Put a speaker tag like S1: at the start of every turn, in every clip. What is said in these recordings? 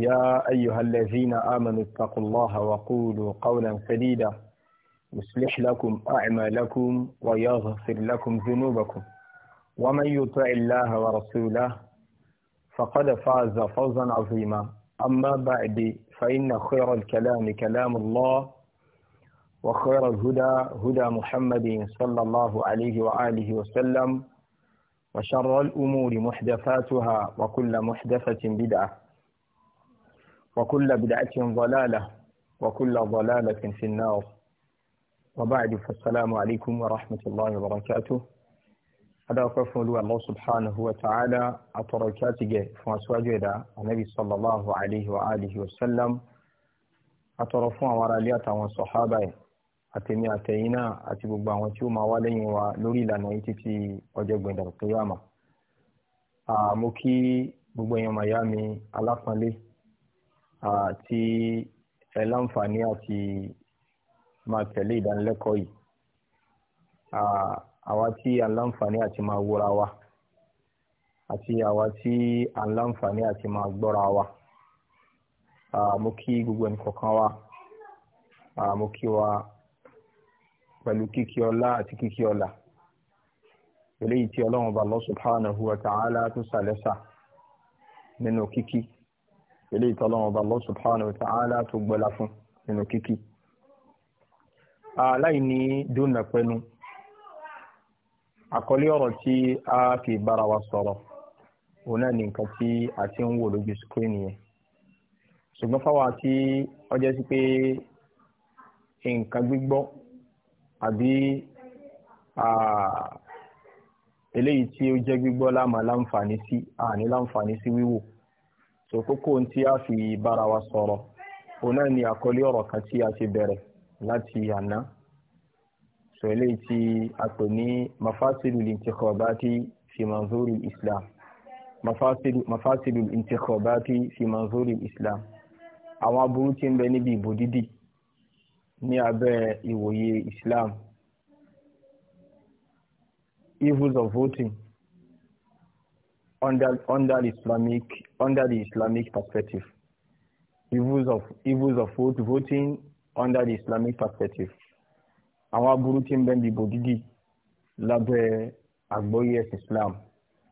S1: يا أيها الذين آمنوا اتقوا الله وقولوا قولا سديدا يصلح لكم أعمالكم ويغفر لكم ذنوبكم ومن يطع الله ورسوله فقد فاز فوزا عظيما أما بعد فإن خير الكلام كلام الله وخير الهدى هدى محمد صلى الله عليه وآله وسلم وشر الأمور محدثاتها وكل محدثة بدعة وكل بدعة ضلالة وكل ضلالة في النار وبعد فالسلام عليكم ورحمة الله وبركاته هذا أقف الله سبحانه وتعالى أتركاته فأسواجه النبي صلى الله عليه وآله وسلم أترفوا وراليات وصحابه أتمي أتينا أتبقى وتيوم ولي ولوري لنا يتتي وجب القيامة أمكي gbogbo èèyàn miami alápọ̀nlé tí ẹ láǹfààní àti máa tẹ̀lé ìdánilẹ́kọ̀ọ́ yìí àwa tí a láǹfààní àti máa wúra wa àti àwa tí a láǹfààní àti máa gbọ́ra wa mo kí gbogbo ẹnìkọ̀ọ̀kan wa mo kí wa pẹ̀lú kíkí ọlá àti kíkí ọlà eléyìí tí ọlọ́run bá Allah subhanahu wa ta'ala tó sàlẹ́sà nínú kíkí ilé ìtọ́lọ́wọ́n ọba Allah subhanahu wa ta'ala tó gbọ́lá fún nínú kíkí aláì ní dúnà pẹ́nu àkọlé ọ̀rọ̀ tí a fi bára wa sọ̀rọ̀ òun náà ní nǹkan tí a ti ń wò lójú skrini yẹn ṣùgbọ́n fáwa tí ó jẹ́ sí pé nǹkan gbígbọ́ àbí eléyìí tí ó jẹ́ gbígbọ́ láàmà láǹfààní sí àní láǹfààní sí wíwò. Si, so kókó tí a fi bára wa sọ̀rọ̀ òun náà ni àkọlé ọ̀rọ̀ kan tí a ti bẹ̀rẹ̀ láti àná so eléyìí tí a pè ní mafasilu lintikhobati fi manzuri islam mafasilu mafasilu fi manzuri islam àwọn aburú tí ń bẹ níbi ìbò dídì ní abẹ́ ìwòye islam evils of voting under under islamic under the Islamic perspective. Evils of evils of vote, voting under the Islamic perspective. Our aburú tí ń bẹ níbi bòdìdì lábẹ́ àgbọ́yé Islam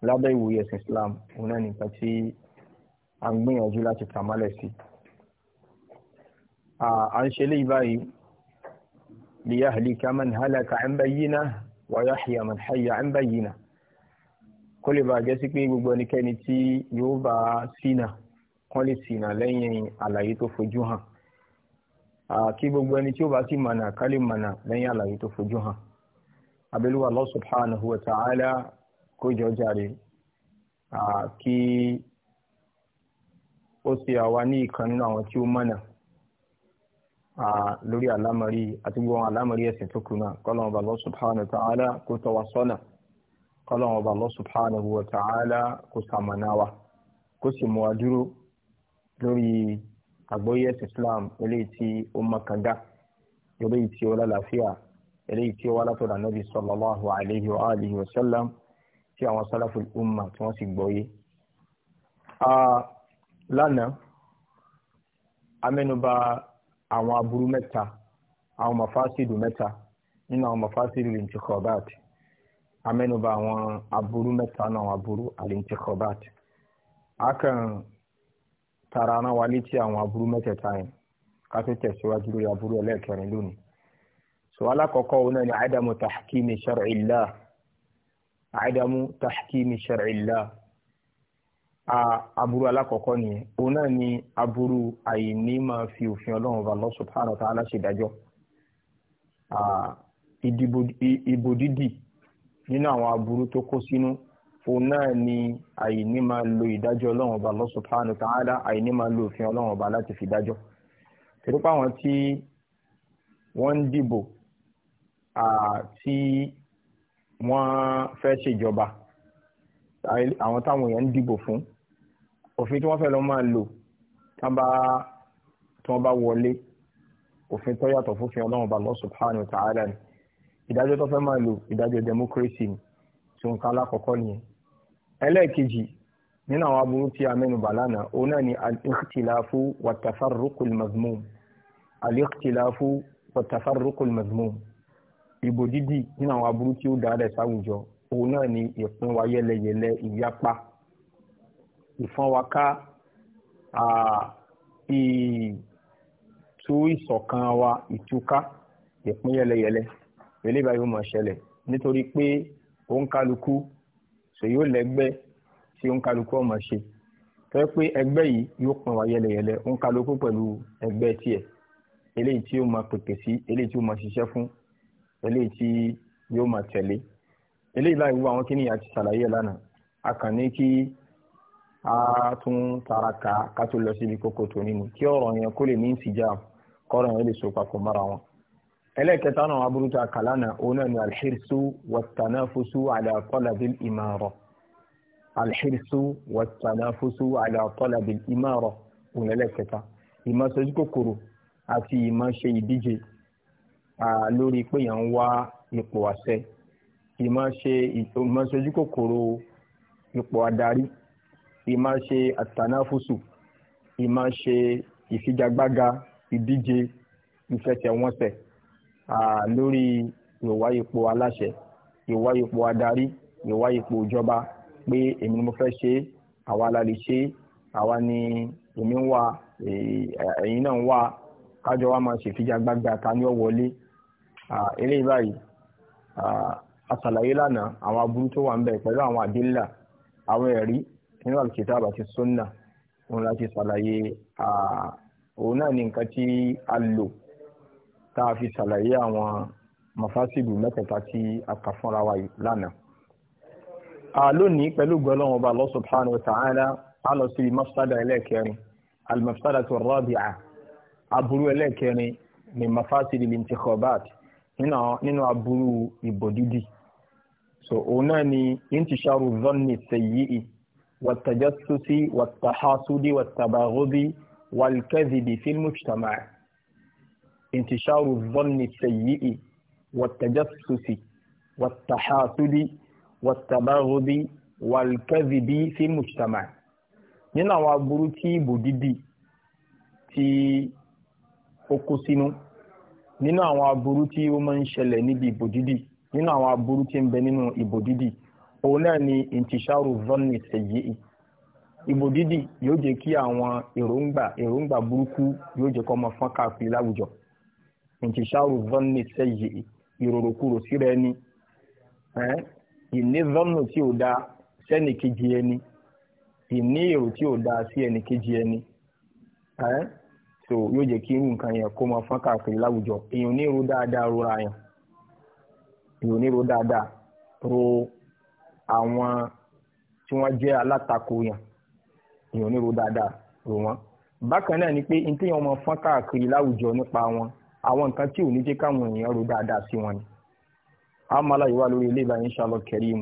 S1: lábẹ́ ìwòye ẹ̀sìn Islam òun náà nìkan tí a ń gbìyànjú láti kà mọ́lẹ̀ sí. À ń ṣe lè báyìí liyahlika man halaka an bayyinah wa yahya man hayya an kó lè bàa jẹ́ sí pé gbogbo ẹnikẹ́ni tí yóò bá ṣìnà kán lè ṣìnà lẹ́yìn àlàyé tó fojú hàn kí gbogbo ẹni tí ó bá sì mànà ká lè mànà lẹ́yìn àlàyé tó fojú hàn abẹ́lúwà Allah subhanahu wa ta'ala kó jọ jàre kí ó ṣe àwa ní ìkan nínú àwọn tí ó mànà lórí àlámọ̀rí àti gbogbo àwọn àlámọ̀rí ẹ̀sìn tó kù náà kọ́lọ́mọba Allah subhanahu wa ta'ala kó tọ́ kọ́lọ́wọ́n ọba Allah subhanahu wa ta'ala kó sàmọ̀nà wa kó sì mú wa dúró lórí àgbóyè islam eléyìí tí ó mọ̀kàndá eléyìí tí ó lálàáfíà eléyìí tí ó wá látọ̀dọ̀ ànábì sallallahu alayhi wa alihi wa sallam tí àwọn sálàfù umma tí wọ́n sì gbọ́yé. lánàá amẹ́nubà àwọn aburú mẹ́ta àwọn mafásídù mẹ́ta nínú àwọn mafásídù lè báàtì amẹ́nubà àwọn aburú mẹ́ta náà àwọn aburú alintikọbat akan tara ara wa létí àwọn aburú mẹ́tẹ̀ẹ̀ta yẹn ká tó tẹ̀síwájú lórí aburú ẹlẹ́ẹ̀kẹrin lónìí so alákọ̀ọ́kọ́ òun náà ni àìdàmú tahkimi shar'illah àìdàmú tahkimi shar'illah aburú alákọ̀ọ́kọ́ nìyẹn òun náà ni aburú àìní máa fi òfin ọlọ́run ọba Allah subhanahu wa ta'ala ṣèdájọ́ ìdìbò ìbò dídì nínú àwọn aburú tó kó sínú òun náà ni àìní máa lo ìdájọ́ ọlọ́run ọba Allah subhanahu wa ta'ala àìní máa lo òfin ọlọ́run ọba láti fi dájọ́ tẹ̀lépà àwọn tí wọ́n ń dìbò tí wọ́n fẹ́ ṣèjọba àwọn táwọn èèyàn ń dìbò fún òfin tí wọ́n fẹ́ lọ máa lò tí wọ́n bá wọlé òfin tó yàtọ̀ fófin ọlọ́run ọba Allah subhanahu wa ni ìdájọ́ tó fẹ́ máa lò ìdájọ́ democracy ni tí nǹkan alákọ̀ọ́kọ́ nìyẹn ẹlẹ́ẹ̀kejì nínú àwọn aburú tí a mẹ́nubà lánàá òun náà ni al-ikhtilafu wa tafarruqu al-mazmum al-ikhtilafu wa tafarruqu al-mazmum ìbò dídì nínú àwọn aburú tí ó dáadáa sáwùjọ òun náà ni ìpín wa yẹlẹyẹlẹ ìyapa ìfọ́n wa ká ìtú ìṣọ̀kan wa ìtúká ìpín yẹlẹyẹlẹ eléyìí báyìí ó máa ṣẹlẹ̀ nítorí pé òǹkálukú ṣe yóò lẹ́gbẹ́ tí òǹkálukú ó máa ṣe tó yẹ pé ẹgbẹ́ yìí yóò pọn wá yẹlẹyẹlẹ òǹkálukú pẹ̀lú ẹgbẹ́ tiẹ̀ eléyìí tí ó máa pèpè sí eléyìí tí ó máa ṣiṣẹ́ fún eléyìí tí yóò máa tẹ̀lé eléyìí báyìí wọ àwọn kíní àti ṣàlàyé lánàá a kàn ní kí a tún taraka ká tó lọ síbi kókó tó nínú kí ọ̀rọ̀ yẹn kó lè ní ìsìjà kọ́rọ̀ yẹn lè so papọ̀ mọ́ra wọn ẹlẹ́ẹ̀kẹta náà aburú ta kàlánà òun náà ni alḥirsu wàtànáfusu àlàkọ́làbí ìmọ̀ràn alḥirsu wàtànáfusu àlàkọ́làbí ìmọ̀ràn òun ẹlẹ́ẹ̀kẹta ìmọ̀ sojú kòkòrò àti ìmọ̀ ṣe ìdíje lórí pé yàn ń wá ipò àṣẹ ìmọ̀ ṣe kòkòrò ipò adarí ìmọ̀ ṣe àtànáfusu ìmọ̀ ìfigagbága ìdíje ìfẹsẹ̀wọnsẹ̀ lórí ìwà ipò aláṣẹ ìwà ipò adarí ìwà ipò ìjọba pé èmi ni mo fẹ́ ṣe é àwa la lè ṣe é àwa ni èmi ń wà ẹ̀yin náà ń wà kájọ wa máa ṣèfigagbága ta ó wọlé eléyìí báyìí àṣàlàyé lánàá àwọn aburú tó wà ń bẹ pẹ̀lú àwọn àdínlà àwọn ẹ̀rí nínú al-kitab sunna òun láti ṣàlàyé òun náà ni nǹkan tí a lò tá a fi ṣàlàyé àwọn mafásìlù mẹ́tẹ̀ẹ̀ta tí a kà fúnra wa lánàá. a lónìí pẹ̀lú gbọ́lọ́wọ́n ọba Allah subhanahu wa ta'ala a lọ sí mafsada ẹlẹ́ẹ̀kẹrin al-mafsada tó rabi'a aburú ẹlẹ́ẹ̀kẹrin ní mafásìlì lintikhobat nínú aburú ìbò dídì so òun náà ni intisharu zanni sayyi'i wàtàjásúsí wàtàhásúdí wàtàbàgódí wàlkẹ́zìdì fil انتشار الظن السيء والتجسس والتحاسد والتباغض والكذب في المجتمع nínú àwọn aburú tí ìbò dídì tí ó kó sínú nínú àwọn aburú tí ó máa ń ṣẹlẹ̀ níbi ìbò dídì nínú àwọn aburú tí ń bẹ nínú ìbò dídì òun náà ni intisharu zonni sèyí ìbò dídì yóò jẹ́ kí àwọn èròǹgbà èròǹgbà burúkú yóò jẹ́ kó máa fọ́n káàkiri láwùjọ intisharu dhanni sayyi ìrorokuro síra ẹni ìní dhannu tí ò da sẹ́ni kejì ẹni ìní èrò tí ò da sí ẹni kejì ẹni so yóò jẹ́ kí irú nǹkan yẹn kó máa fọ́n káàkiri láwùjọ èèyàn ní ro dáadáa rora yẹn èèyàn ní ro dáadáa ro àwọn tí wọ́n jẹ́ alátakò yẹn èèyàn ní ro dáadáa rò wọ́n bákan náà ni pé ní téèyàn máa fọ́n káàkiri láwùjọ nípa wọn àwọn nǹkan tí ò ní jẹ́ káwọn èèyàn ro dáadáa sí wọn ni a máa láyé wá lórí ilé ìbá inshallah karim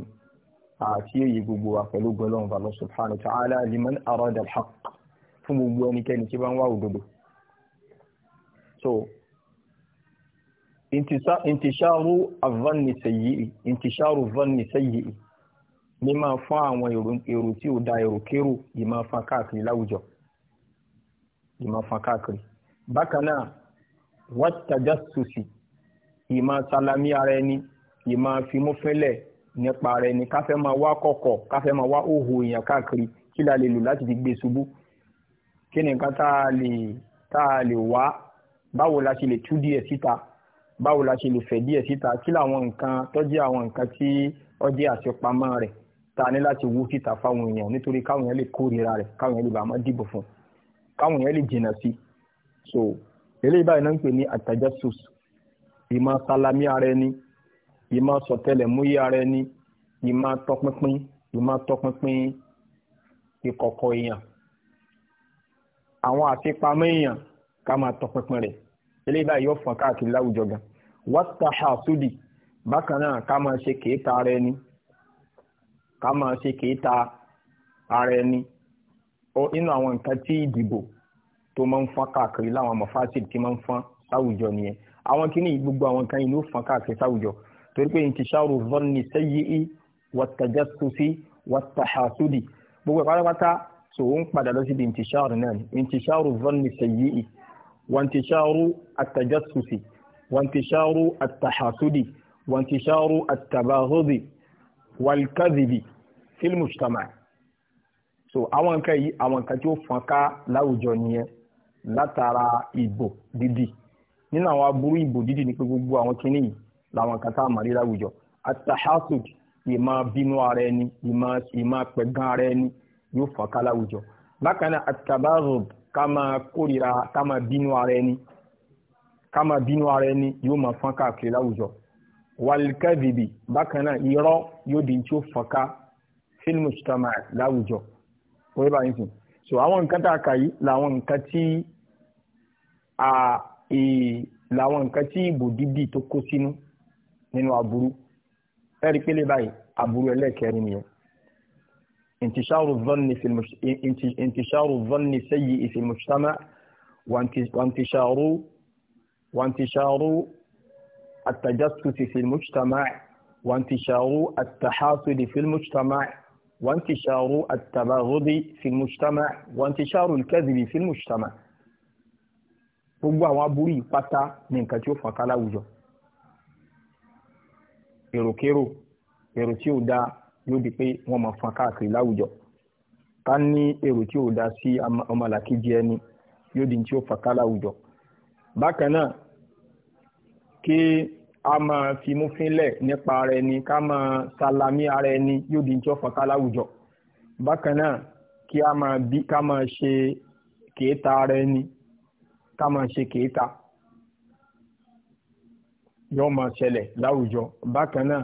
S1: àti òye gbogbo wa pẹ̀lú gbọ́lọ́hùn bàlọ́ subhanahu ta'ala liman arada alhaq fún gbogbo ẹnikẹ́ni tí bá ń wá òdodo so intisharu avanni sayyi'i intisharu vanni sayyi'i ní máa fún àwọn èrò tí ò da èrò kérò yìí fún káàkiri láwùjọ yìí fún káàkiri bákan náà wàtajàsùsì ìmọ̀ salami ara ẹni ìmọ̀ fimúfínlẹ̀ nípa ara ẹni káfẹ́ máa wá kọ̀kọ̀ káfẹ́ máa wá òhò èèyàn káàkiri kí la lè lò láti fi gbé ṣubú kí ni nǹkan tá a lè tá a lè wá báwo la ṣe lè tú díẹ̀ síta báwo la ṣe lè fẹ̀ díẹ̀ síta kí làwọn nǹkan tọ́jú àwọn nǹkan tí ọjẹ́ àṣepamọ́ rẹ̀ ta ní láti wú síta fáwọn èèyàn nítorí káwọn èèyàn lè kórìíra rẹ̀ káwọn èèyàn lè bàá dìbò fún káwọn èèyàn lè jìnnà sí so eléyìí báyìí náà ń pè ní àtàjásùs ìmọ̀ salami ara ẹni ìmọ̀ sọ̀tẹlẹ̀múyẹ́ ara ẹni ìmọ̀ tọpinpin ìmọ̀ tọpinpin ìkọ̀kọ̀ èèyàn àwọn àfipamọ́ èèyàn ká máa tọpinpin rẹ̀ eléyìí báyìí yóò fọ́n káàkiri láwùjọ gan wọ́tàhà sódì bákan náà ká máa ṣe kéèta ara ẹni ká máa ṣe kéèta ara ẹni inú àwọn nǹkan tí ìdìbò tó máa ń fọ́n káàkiri láwọn mọ̀fásìlì tí máa ń fọ́n sáwùjọ nìyẹn àwọn kìíní gbogbo àwọn kan inú fọ́n káàkiri sáwùjọ torí pé intisharu dhanni sayyi'i wat-tajassusi wat-tahasudi gbogbo ìpátápátá so ó ń padà lọ síbi intisharu náà ni intisharu dhanni sayyi'i wa intisharu at-tajassusi wa intisharu at-tahasudi wa intisharu at-tabahudi wal-kadhibi so àwọn nǹkan yìí àwọn nǹkan tí ó fọ́n ká láwùjọ nìyẹn látara ìbò dídì nínú àwọn aburú ìbò dídì ni pé gbogbo àwọn kinní yìí làwọn kan tá a mọ̀ rí láwùjọ atahasud ìmọ̀ bínú ara ẹni ìmọ̀ pẹ̀gàn ara ẹni yóò fà ká láwùjọ bákan náà atabarub ká máa kórìíra ká máa bínú ara ẹni ká máa bínú ara ẹni yóò máa fọ́n káàkiri láwùjọ walikẹ́bìbì bákan náà irọ́ yóò di tí ó fọ́n ká fílmù sítọ́mà láwùjọ. Oyeba yin sìn so àwọn nǹkan tá a kà yìí làwọn nǹkan tí a e, làwọn nǹkan tí ìbò dídì tó kó sínú nínú aburú ẹ̀rí pélé báyìí aburú ẹlẹ́ẹ̀kẹrin nìyẹn intisharu dhanni sayyi fi mujtama wantisharu wantisharu التجسس في المجتمع وانتشار التحاسد في المجتمع وانتشار التباغض في المجتمع وانتشار الكذب في المجتمع gbogbo àwọn aburú yìí pátá ní nǹkan tí ó fọ́n ká láwùjọ èròkérò èrò tí ò dáa yóò di pé wọ́n máa fọ́n káàkiri láwùjọ ká ní èrò tí ò dáa sí ọmọlàkejì ẹni yóò di tí ó fọ́n ká láwùjọ bákan náà kí a máa fimú fínlẹ̀ nípa ara ẹni ká máa salami ara ẹni yóò di ìjọ fọ́nká láwùjọ bákan náà kí a máa bí ká máa ṣe kèéta ara ẹni ká máa ṣe kèéta yóò máa ṣẹlẹ̀ láwùjọ bákan náà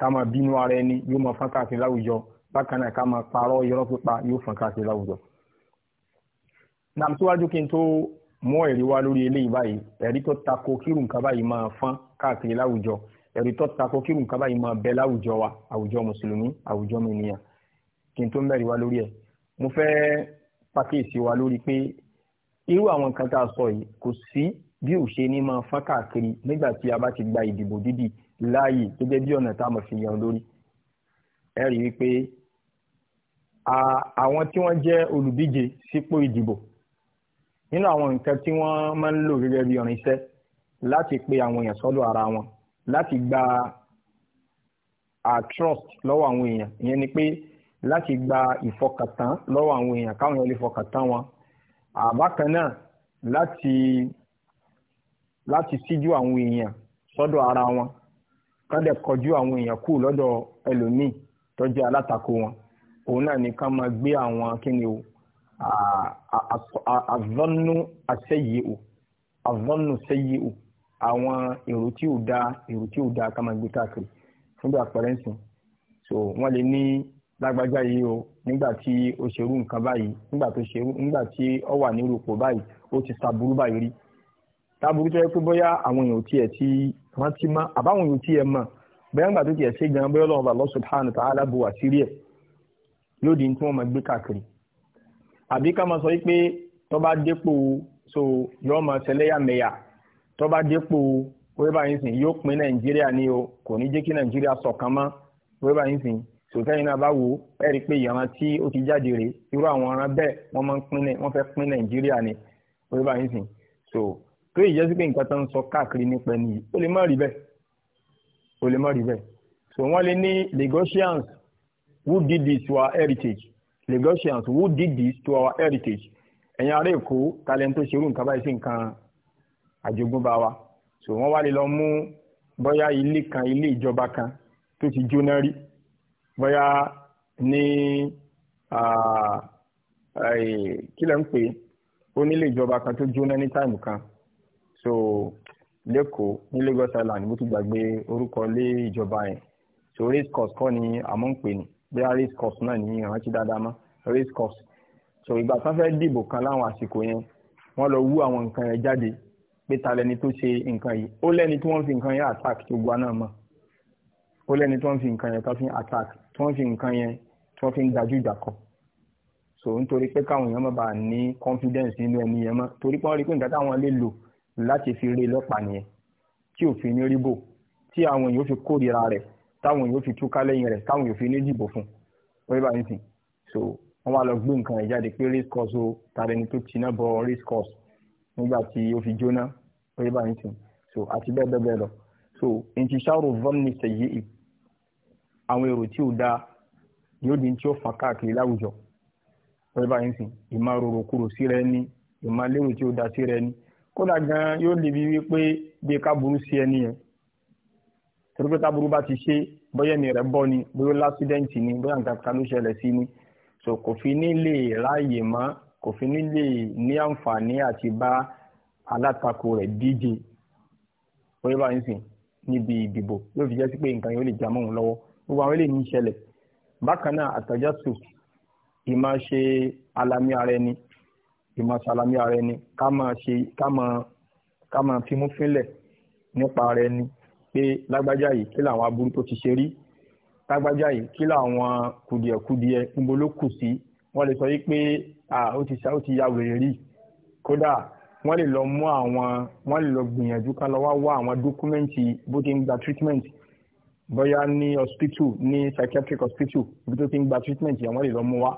S1: ká máa bínú ara ẹni yóò máa fọ́nká sí láwùjọ bákan náà ká máa parọ́ irọ́ pípa yóò fọ́nká sí láwùjọ. nàmsíwájú kí n tó mú ẹ̀rí wá lórí eléyìí báyìí ẹ̀rí tó tako kírù nǹkan báyìí máa fán káàkiri láwùjọ ẹ̀rí tó tako kírù nǹkan báyìí máa bẹ láwùjọ wa àwùjọ mùsùlùmí àwùjọ mìíràn kí n tó mẹ́rin wá lórí ẹ̀ mo fẹ́ pàkíyèsí wa lórí pé irú àwọn nǹkan tá a sọ yìí kò sí bí ò ṣe ní máa fán káàkiri nígbà tí a bá ti gba ìdìbò dídì láàyè gẹ́gẹ́ bí ọ̀nà tá a mọ̀ fi yan lórí ẹ rí i pé àwọn tí wọ́n jẹ́ olùdíje sípò ìdìbò nínú àwọn nǹkan tí wọ́n máa ń lò gẹ́gẹ́ bí ọ̀rìn iṣẹ́ láti pe àwọn èèyàn sọ́dọ̀ ara wọn láti gba a trust lọ́wọ́ àwọn èèyàn ìyẹn ni pé láti gba ìfọkàntán lọ́wọ́ àwọn èèyàn káwọn èèyàn lè fọkàntán wọn àbákan náà láti láti síjú àwọn èèyàn sọ́dọ̀ ara wọn kọ́dẹ̀ kọjú àwọn èèyàn kù lọ́dọ̀ ẹlòmíì tó jẹ́ alátakò wọn òun náà ni máa gbé àwọn kíni o àzọ́nù àṣẹ́yìíò àzọ́nù ṣẹ́yìíò àwọn èrò tí ò da èrò tí ò da ká máa gbé káàkiri fún bí àpẹẹrẹ ń sìn so wọ́n lè ní lágbájá yìí o nígbà tí ó ṣerú nǹkan báyìí nígbà tó ṣerú nígbà tí ó wà ní ròpò báyìí ó ti sàbúrú báyìí rí sàbúrú tó yẹ pé bóyá àwọn èèyàn tiẹ̀ ti rántí mọ́ àbáwọn èèyàn tiẹ̀ mọ̀ bóyá nígbà tó tiẹ̀ ṣe gan bóyá Ọlọ́run subhanahu wa a, bu àṣírí ẹ̀ lóde tí wọ́n máa gbé káàkiri àbí ká máa sọ pé tó bá dépò so yóò máa ṣẹlẹ́yàmẹ̀yà tó bá dépò wíwá yín sìn yóò pín nàìjíríà ní o kò ní jẹ́ kí nàìjíríà ṣọ̀kan mọ́ wíwá yín sìn sòtẹ́yìn náà bá wò ó ẹ̀ rí i pé ìran tí ó ti jáde rèé irú àwọn ọ̀ràn bẹ́ẹ̀ wọ́n máa ń pín wọ́n fẹ́ pín nàìjíríà ni wíwá yín sìn so tó ìjẹ́ sí pé nǹkan tó ń sọ káàkiri nípa ẹni yìí ó lè má rí bẹ́ẹ̀ ó lè má rí bẹ́ẹ̀ so wọ́n lè ní Lagosians who did this to our heritage Lagosians who did this to our heritage ẹ̀yin ará èkó talent tó ṣerú nǹkan báyìí sí nǹkan àjogúnbá wa so wọ́n wá lè lọ mú bóyá ilé kan ilé ìjọba kan tó ti jóná rí bóyá ní kí lẹ́ ń pè ó nílé ìjọba kan tó jóná ní táìmù kan so lẹ́kọ̀ọ́ ní Lagos Island mo ti gbàgbé orúkọ ilé ìjọba yẹn so race course kọ́ ni àmọ́ ń pè ní bóyá race course náà ní ìrántí dáadáa mọ́ race course so ìgbà tán fẹ́ dìbò kan láwọn àsìkò yẹn wọ́n lọ wú àwọn nǹkan yẹn jáde pé ta lẹni tó ṣe nǹkan yìí ó lẹ́ni tí wọ́n fi nǹkan yẹn attack tó gba náà mọ̀ ó lẹ́ni tí wọ́n fi nǹkan yẹn tó fi attack tí wọ́n fi nǹkan yẹn tí wọ́n fi ń dájú ìjà kọ so nítorí pé káwọn èèyàn má bàa ní confidence nínú ẹni yẹn mọ́ torí pé wọ́n rí pé nǹkan táwọn lè lò láti fi rí lọ́pàá nìyẹn tí òfin ní rí tí àwọn èèyàn fi kórìíra rẹ̀ táwọn yóò fi túká lẹ́yìn rẹ̀ táwọn yóò fi ní dìbò fún wọ́n yóò bá yín sìn so wọ́n wá lọ gbé nǹkan ẹ̀ jáde pé race course o tàbí ẹni tó tiná bọ race course nígbà tí ó fi jóná wọ́n yóò bá yín sìn so àti bẹ́ẹ̀ bẹ́ẹ̀ bẹ́ẹ̀ lọ so ntí sáárò vọ́ọ̀nì sẹ̀yí ì àwọn èrò tí ò dáa yóò di tí ó fà káàkiri láwùjọ wọ́n yóò bá yín sìn ìmọ̀ rorò kúrò sí rẹ ní ìmọ̀ léwu tí ó dáa sí rẹ ní kódà gan yóò débi wípé bí ká burú sí ẹni yẹn torí pé táburú bá ti ṣe bóyá ẹ̀mí rẹ̀ bọ́ ni bóyá lásídẹ́ǹtì ni bóyá nǹkan kan ló ṣẹlẹ̀ sí ni so kò fi ní lè ráàyè mọ́ kò fi ní lè ní àǹfààní àti bá alátakò rẹ̀ díje bóyá bá ń sìn níbi ìdìbò yóò fi jẹ́ sí pé nǹkan yóò lè jà mọ́ òun lọ́wọ́ gbogbo àwọn eléyìí ń ṣẹlẹ̀ bákan náà àtàjásù ìmáa ṣe alami ara ẹni ìmọ̀ salami ara ẹni ká máa ṣe ká máa ká máa fimú fínlẹ̀ nípa ara ẹni pé lágbájá yìí kí làwọn aburú tó ti ṣe rí lágbájá yìí kí làwọn kùdìẹ̀kùdìẹ níbo ló kù sí wọ́n lè sọ yìí pé ó ti ó ti ya wèrè rí kódà wọ́n lè lọ mú àwọn wọ́n lè lọ gbìyànjú ká lọ wá àwọn dókúmẹ́ǹtì bó ti ń gba treatment bóyá ní hospital ní psychiatric hospital ibi tó ti ń gba treatment yẹn wọ́n lè lọ mú wá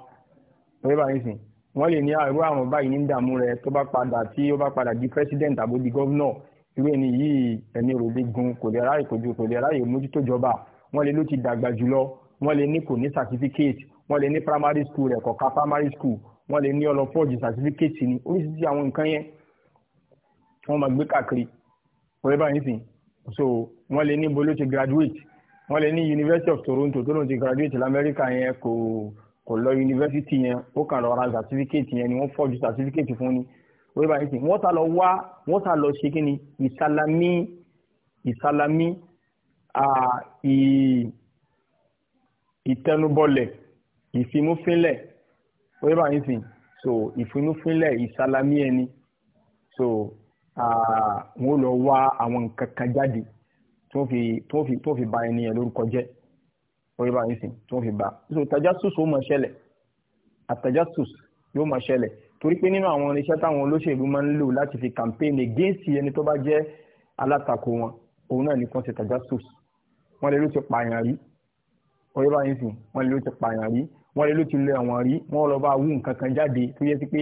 S1: wọ́n bá yín sìn wọ́n lè ní àrùn àrùn báyìí ní dààmú rẹ̀ tó bá padà tí ó bá padà di president àbó di governor irú ẹni yìí ẹni ròde gun kò lè ráyè kojú kò lè ráyè mójútó jọba wọ́n lè ló ti dàgbà jùlọ wọ́n lè ní kò ní certificate wọ́n lè ní primary school rẹ̀ kọ̀ọ̀ka primary school wọ́n lè ní ọlọ́pọ̀jù certificate ni oríṣiríṣi àwọn nǹkan yẹn wọ́n máa gbé káàkiri ọ̀rẹ́ báyìí sìn so wọ́n lè ní bolo ti graduate wọ́n lè ní University of Toronto tó lóun ti graduate lamẹ́ríkà yẹn kò kò lọ university yẹn ó kàn lọ ra certificate yẹn ni wọ́n fọ́jú certificate fún ni wọ́n bá yín sìn wọ́n ta lọ wá wọ́n ta lọ ṣe kíni ìsàlámì ìsàlámì ìtẹnubọlẹ̀ ìfimúfínlẹ̀ wọ́n bá yín sìn so ìfimúfínlẹ̀ ìsàlámì ẹni so wọ́n lọ wá àwọn nǹkan kan jáde tó fi tó fi tó fi ba ẹni yẹn lórúkọ jẹ́ wọ́n bá yín sìn tó fi ba so tajasus ó máa ṣẹlẹ̀ àtajásùs yóò máa ṣẹlẹ̀ torí pé nínú àwọn irinṣẹ́ táwọn olóṣèlú máa ń lò láti fi campaign against ẹni tó bá jẹ́ alátakò wọn òun náà nìkan ṣe tajassus wọ́n lè ló ti pààyàn rí oyè báyìí sìn wọ́n lè ló ti pààyàn rí wọ́n lè ló ti lé àwọn rí wọ́n lọ bá wú nǹkan kan jáde tó yẹ sí pé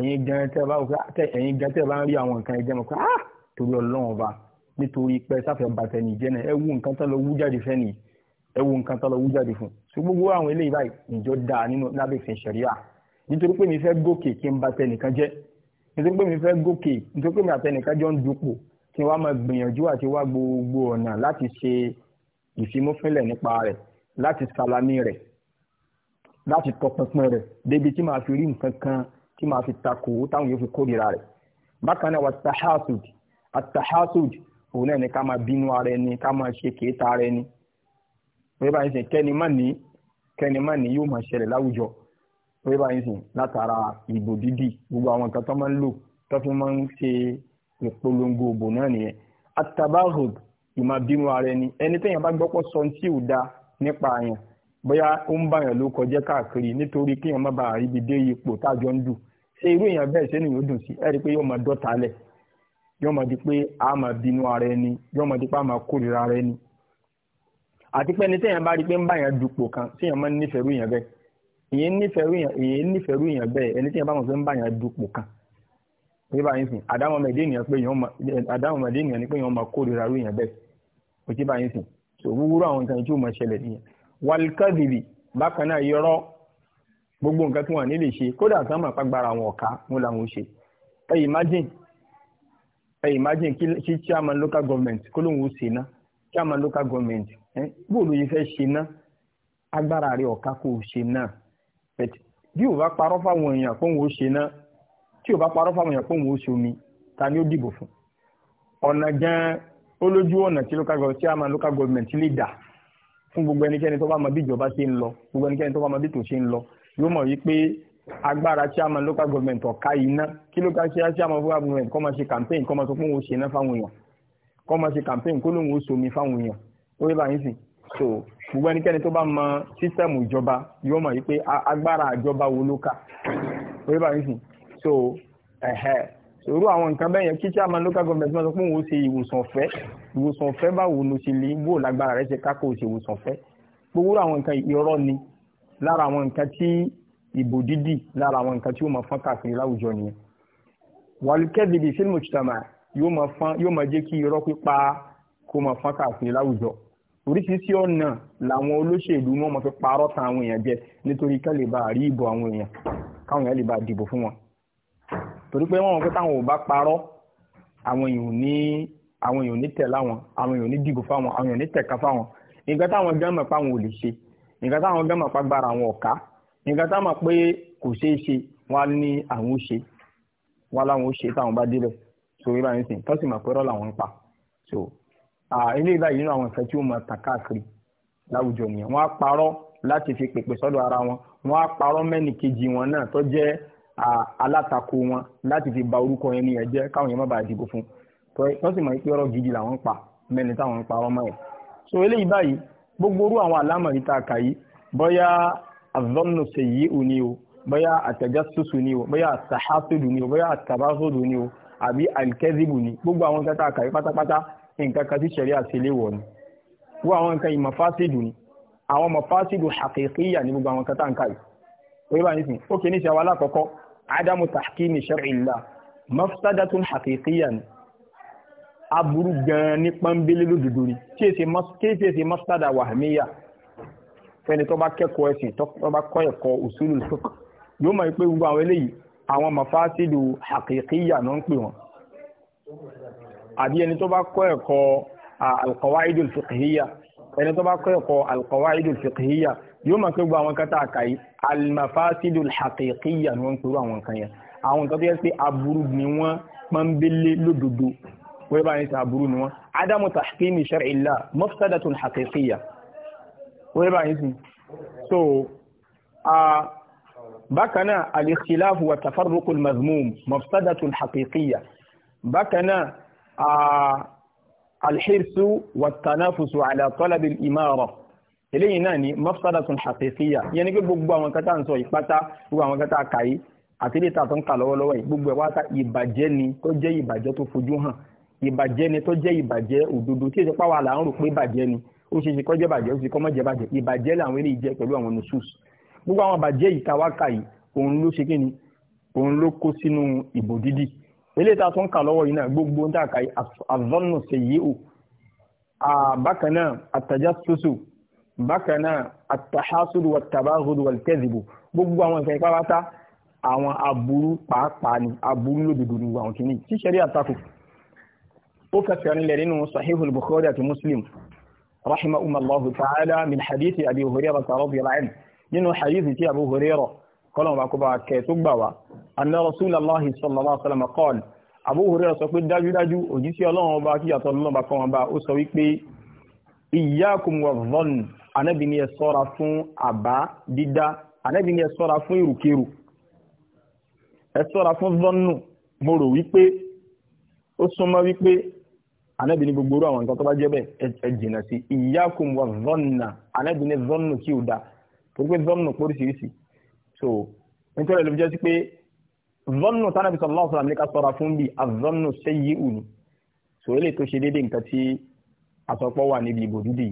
S1: ẹ̀yin gan tẹ́ bá ah, ẹ̀yin gan tẹ́ bá ń rí àwọn nǹkan ẹ̀jẹ̀ mọ̀ pé ah torí ọlọ́run ọba nítorí pé sáfẹ́ bàtẹ́ni jẹ́ náà ẹ wú nǹkan tán lọ wú jáde fẹ́ nìyí ẹ wú nǹkan tán lọ wú jáde fún ṣùgbọ́n gbogbo àwọn eléyìí báyìí ìjọ dáa nínú lábẹ́ ìfẹ́ ṣẹ̀ríà nítorí pé mi fẹ́ gòkè kí n ba tẹnìkan jẹ́ nítorí pé mi fẹ́ gòkè nítorí pé mi àtẹnìkan jọ ń dupò kí n wá máa gbìyànjú àti wá gbogbo ọ̀nà láti ṣe ìfimúfínlẹ̀ nípa rẹ̀ láti salami rẹ̀ láti tọpinpin rẹ̀ débi tí màá fi rí nǹkan kan tí màá fi takò táwọn yóò fi kórìíra rẹ̀ bákan náà wà tahasud atahasud òun náà ni ká máa bínú ara ẹni ká máa ṣe kéétà ara ẹni wọ́n bá ń ṣe kẹ́ni má ní kẹ́ni má ní yóò máa ṣẹlẹ̀ láwùjọ pé báyìí sìn látara ìbò dídì gbogbo àwọn nǹkan tó máa ń lò tó fi máa ń ṣe ìpolongo òbò náà nìyẹn atabahood ìmọ̀ bímọ ara ẹni ẹni bá gbọ́pọ̀ sọ tí ò da nípa àyàn bóyá ó ń bàyàn ló kọjá káàkiri nítorí má bàa dé ipò tájọ ń dù irú èèyàn bẹ́ẹ̀ ṣé dùn sí ẹ rí i pé yóò máa dọ́ta lẹ̀ yóò máa di pé ara ẹni yóò máa di pé a máa kórìíra ara ẹni àti pé ẹni bá rí i pé kan máa ń nífẹ̀ẹ́ èyàn nífẹ̀ẹ́rú èyàn èyàn nífẹ̀ẹ́rú èyàn bẹ́ẹ̀ ẹni tí yẹn bá mọ̀ pé ń bá yẹn dupò kan pé báyìí sìn àdámọ̀ mẹ́ẹ̀dé ènìyàn pé èyàn àdámọ̀ mẹ́ẹ̀dé ni pé èyàn máa kórìíra rú èyàn bẹ́ẹ̀ kò tí báyìí sìn so wúwúrú àwọn nǹkan tí ó máa ṣẹlẹ̀ nìyẹn wàlíkàdìrì bákan náà yọrọ gbogbo nǹkan tí wọn ní lè ṣe kódà kan máa pàgbára àwọn ọ̀ka wọn làwọn ò ṣe ẹ imagine ẹ imagine kí chairman local government kó lóun ó ṣe ná chairman local government bóòlù yìí fẹ́ ṣe ná agbára rẹ̀ ọ̀ka kò ṣe náà bí ò bá parọ́ fáwọn èèyàn pé òun ó ṣe náà tí ò bá parọ́ fáwọn èèyàn pé òun ó ṣe omi ta ni ó dìbò fún ọ̀nà gan-an ó lójú ọ̀nà tí local government chairman local government lè dà fún gbogbo ẹnikẹ́ni tó bá mọ bí ìjọba ṣe ń lọ gbogbo ẹnikẹ́ni tó bá mọ bí tò ṣe ń lọ yóò mọ̀ wípé agbára chairman local government ọ̀ka iná kí local chairman local government kọ́ máa ṣe campaign kọ́ máa sọ pé òun ó ṣe iná fáwọn èèyàn kọ́ máa ṣe campaign kó lóun ó ṣomi fáwọn èèyàn ó yẹ báyìí sìn so gbogbo ẹnikẹ́ni tó bá mọ sísẹ́mù ìjọba yóò mọ̀ wípé agbára ìjọba wo ló kà orí bá mi so ẹ̀hẹ́ irú àwọn nǹkan bẹ́ẹ̀ yẹn kí chairman local government máa sọ pé òun ó ṣe ìwòsàn ọ̀fẹ́ ìwòsàn ọ̀fẹ́ báwo ló ṣe lè wò lágbára rẹ̀ ṣe kákó ṣe ìwòsàn ọ̀fẹ́ gbogbo àwọn nǹkan irọ́ ni lára àwọn nǹkan tí ìbò dídì lára àwọn nǹkan tí yóò máa fọ́n káàkiri láwùjọ nìyẹn wàlúkẹ́bìdì fílmù chitama yóò máa jẹ́ kí irọ́ pípa kó máa fọ́n káàkiri láwùjọ oríṣiríṣi ọ̀nà làwọn olóṣèlú wọn máa fi parọ́ tan àwọn èèyàn jẹ nítorí ká lè bá rí ìbò àwọn èèyàn káwọn èèyàn lè bá dìbò fún wọn torí pé wọn mọ̀ pé táwọn ò bá parọ́ àwọn èèyàn ní àwọn èèyàn ní tẹ̀lé àwọn àwọn èèyàn ní dìbò fáwọn àwọn èèyàn ní tẹ̀ka fáwọn nǹkan táwọn gán mọ̀ pé àwọn ò lè ṣe nǹkan táwọn gán mọ̀ pé agbára àwọn ọ̀ka nǹkan táwọn mọ̀ pé kò ṣeé ṣe wọn ní àwọn ó ṣe wọn láwọn ó ṣe táwọn bá débẹ̀ so ìbáraẹnisìn tó sì mọ̀ pé rọ́ làwọn ń pa so eléyìí báyìí nínú àwọn ìfẹ́ tí ó máa tàn káàkiri láwùjọ nìyẹn wọ́n á parọ́ láti fi pèpè sọ́dọ̀ ara wọn wọ́n á parọ́ mẹ́nì kejì wọn náà tó jẹ́ alátakò wọn láti fi ba orúkọ yẹn nìyẹn jẹ́ káwọn yẹn má bàa dìbò fún tó sì mọ̀ pé ọ̀rọ̀ gidi làwọn ń pa mẹ́ni táwọn ń parọ́ mọ́ ẹ̀. so eléyìí báyìí gbogbo orú àwọn àlámọ̀ yìí tá a kà yìí bóyá azọ́nù sèyí ò ní o bóyá àtẹ̀jásùsù ní o bóyá àtàhásùdù ní o bóyá àtàbásùdù ní o àbí àlìkẹ́zìbù ní gbogbo àwọn kẹta àkàyí pátápátá nǹkan kan tí ṣẹ̀rí àti ilé wọ̀ ni wọ́n àwọn nǹkan yìí mafásídù ni àwọn mafásídù haqiqiyya ní gbogbo àwọn nǹkan tá à ń kà yìí wọ́n bá nísìn ó kì í níṣẹ́ wa alákọ̀ọ́kọ́ ádámù tahkimi shar'illah mafsadatun haqiqiyya ni aburú gan-an ní pọ́nbélé lódodo ni kí èsì mafsada wahmiyya fẹ́ni tó bá kẹ́kọ̀ọ́ ẹ̀sìn tó bá kọ́ ẹ̀kọ́ usulul fiqh àbí ẹni tó bá kọ́ ẹ̀kọ́ alqawaidul fiqhiyya ẹni tó bá kọ́ ẹ̀kọ́ alqawaidul fiqhiyya yóò máa pé gbogbo àwọn kátà àkàyí almafasidul haqiqiyya ni wọ́n ń pẹ̀lú àwọn nǹkan yẹn àwọn nǹkan tó yẹ pé aburú ni wọ́n pọ́nbélé lódodo wọ́n bá yẹn ti aburú ni wọ́n adamu tahkimi shar'illah mafsadatun haqiqiyya wọ́n bá yẹn ti so bákan náà al-ikhtilafu wa tafarruqul mazmum mafsadatun haqiqiyya bákan náà alhirsu watanafusu ala talabil imara eléyìí náà ni mafsadatun haqiqiyya yẹn ni pé gbogbo àwọn kata ń sọ ìpátá gbogbo àwọn kata kàyí àti ilé ìtàtọ̀ ń kà lọ́wọ́lọ́wọ́ yìí gbogbo ẹ̀ wáta ìbàjẹ́ ni tó jẹ́ ìbàjẹ́ tó fojú hàn ìbàjẹ́ ni tó jẹ́ ìbàjẹ́ òdodo tí èsì pàwọ́ àlà ń rò pé ìbàjẹ́ ni ó ṣe ṣe kó jẹ́ bàjẹ́ ó ṣe kó má bàjẹ́ ìbàjẹ́ làwọn eléyìí jẹ́ pẹ̀lú àwọn nusus gbogbo àwọn bàjẹ́ ìtawákà yìí òun ló ṣe kíni òun ló kó sínú ìbò ilé ìta tó ń kà lọ́wọ́ yìí náà gbogbo ń tàkà àzọ́nù sí yíò bákan náà àtàjásùsù bákan náà àtàhásùdù wàtàbáhùdù wàlùkẹ́zìbù gbogbo àwọn ìfẹ́ ìpápátá àwọn aburú pàápàá ni aburú lódodo ni àwọn kìíní tí sẹ́rí àtakò ó fẹsẹ̀ rinlẹ̀ nínú sahihu bukhari àti muslim rahimahumullahu ta'ala min hadithi abi hurairah radiyallahu anhu nínú hadithi ti abu hurairah kọ́lọ̀wà kó bá kẹ́ tó gbà wá anna rasulallahi sallallahu alaihi wasallam qala Abu Hurairah sọ pé dájúdájú òjíṣẹ́ ọlọ́run ọba kí yàtọ̀ lọ́nà bá kọ́wọn bá ó sọ wípé iyyakum wa dhann anábì ni ẹ sọ́ra fún àbá dídá anábì ni ẹ sọ́ra fún ìrùkèrù ẹ sọ́ra fún dhannu mo rò wípé ó súnmọ́ wípé anábì ni gbogbo àwọn nǹkan tó bá jẹ́ bẹ́ẹ̀ ẹ jìnà sí iyyakum wa dhanna anábì ni dhannu kí ò dá torí pé dhannu póríṣiríṣi so nítorí ẹ̀lú jẹ́ sí pé zọ́nù tánàbí sallallahu alaihi wasallam ní ká fún bí azọ́nù sẹ́yí ù ní so ilé tó ṣe déédéé nǹkan tí àsọpọ̀ wà níbi ìbò dídì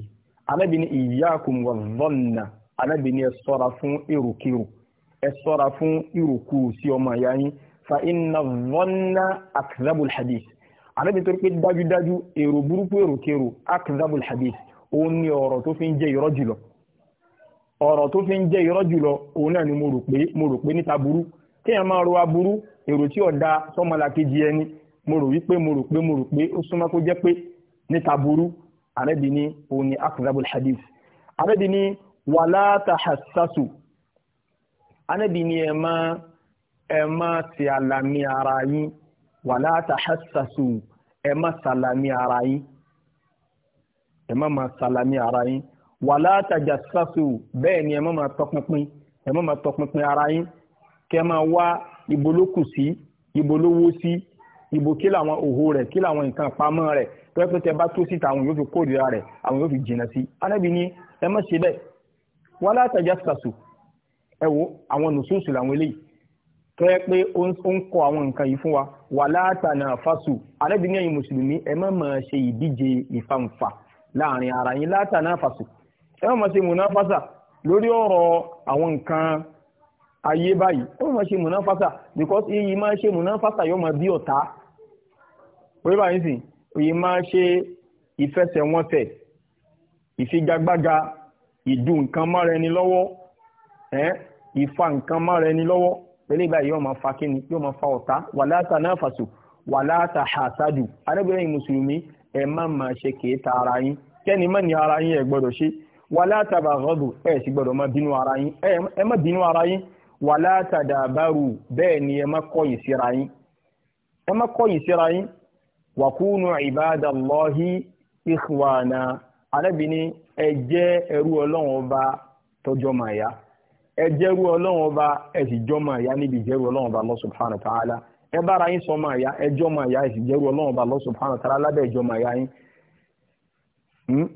S1: anábì ní iyyakum wa zọ́nà anábì ní ẹ sọ́ra fún èròkèrò ẹ fún ìròkù sí ọmọ ìyá yín fa inna zọ́nà akzabul hadith anábì torí pé dájúdájú èrò burúkú èròkèrò akzabul hadith ó ní ọ̀rọ̀ tó fi ń jẹ́ irọ́ jùlọ ọ̀rọ̀ tó fi ń jẹ́ irọ́ jùlọ òun náà ni mo rò pé mo rò pé níta burú kéèyàn máa ro aburú èrò tí ọ̀dà sọ́mọlàkejì ẹni mo rò wípé mo rò pé mo rò pé ó súnmọ́ kó jẹ́ pé níta burú àrẹ́bí ni òun ni akadabul hadith àrẹ́bí ni wàlá tahassasu àrẹ́bí ni ẹ̀ máa ẹ̀ máa ti àlàmì ara yín wàlá tahassasu ẹ̀ máa sàlàmì ara yín ẹ̀ máa máa sàlàmì ara yín wàlá tajassasu bẹ́ẹ̀ ni ẹ má máa tọpinpin ẹ má máa tọpinpin ara yín kẹ́ máa wá ibo ló kù sí ibo ló wó sí ibo kí làwọn òhò rẹ̀ kí làwọn nǹkan pamọ́ rẹ̀ pẹ́pẹ́ tẹ bá tó síta àwọn yóò fi kórìíra rẹ̀ àwọn yóò fi jìnnà sí anábì ni ẹ má ṣe bẹ́ẹ̀ wàlá tajassasu ẹ wo àwọn nùsùsù làwọn eléyìí tọ́ pé ó ń kọ àwọn nǹkan yìí fún wa wàlá tanafasu anábì ni ẹ̀yin mùsùlùmí ẹ má máa ṣe ìdíje ìfàǹfà láàrin ara yín la tanafasu ẹ má ṣe mùnáfásà lórí ọ̀rọ̀ àwọn nǹkan ayé báyìí ẹ má ṣe mùnáfásà because iyì máa ṣe mùnáfásà yóò máa bí ọ̀tá orí báyìí sì iyì máa ṣe ìfẹsẹ̀wọnsẹ̀ ìfigagbága ìdù nǹkan mára ẹni lọ́wọ́ ẹ ìfa nǹkan mára ẹni lọ́wọ́ pẹ̀lú báyìí yóò máa fa kíni yóò máa fa ọ̀tá wala tanafasu wala tahasadu arábìnrin mùsùlùmí ẹ má máa ṣe kèé ta ara yín kẹ́ni má ní ara yín ẹ gbọ́dọ̀ ṣe wàlá tabaghadu ẹ̀ sì gbọ́dọ̀ má bínú ara yín ẹ má bínú ara yín wàlá tadabaru bẹ́ẹ̀ ni ẹ má kọ̀yìn síra yín ẹ má kọ̀yìn síra yín wàkúnù ibadallahi ikhwana arábìnrin ẹ jẹ́ ẹrú ọlọ́run ọba tọjọ́ màá yá ẹ jẹ́ ẹrú ọlọ́run ọba ẹ sì jọ́ màá yá níbi ìjẹ́rú ọlọ́run ọba Allah subhanahu wa ẹ bára yín sọ máa ya ẹjọ́ máa ya ẹ̀sìn jẹ́rú ọlọ́run ọba Allah subhanahu wa lábẹ́ ẹjọ́ máa ya yín hmm?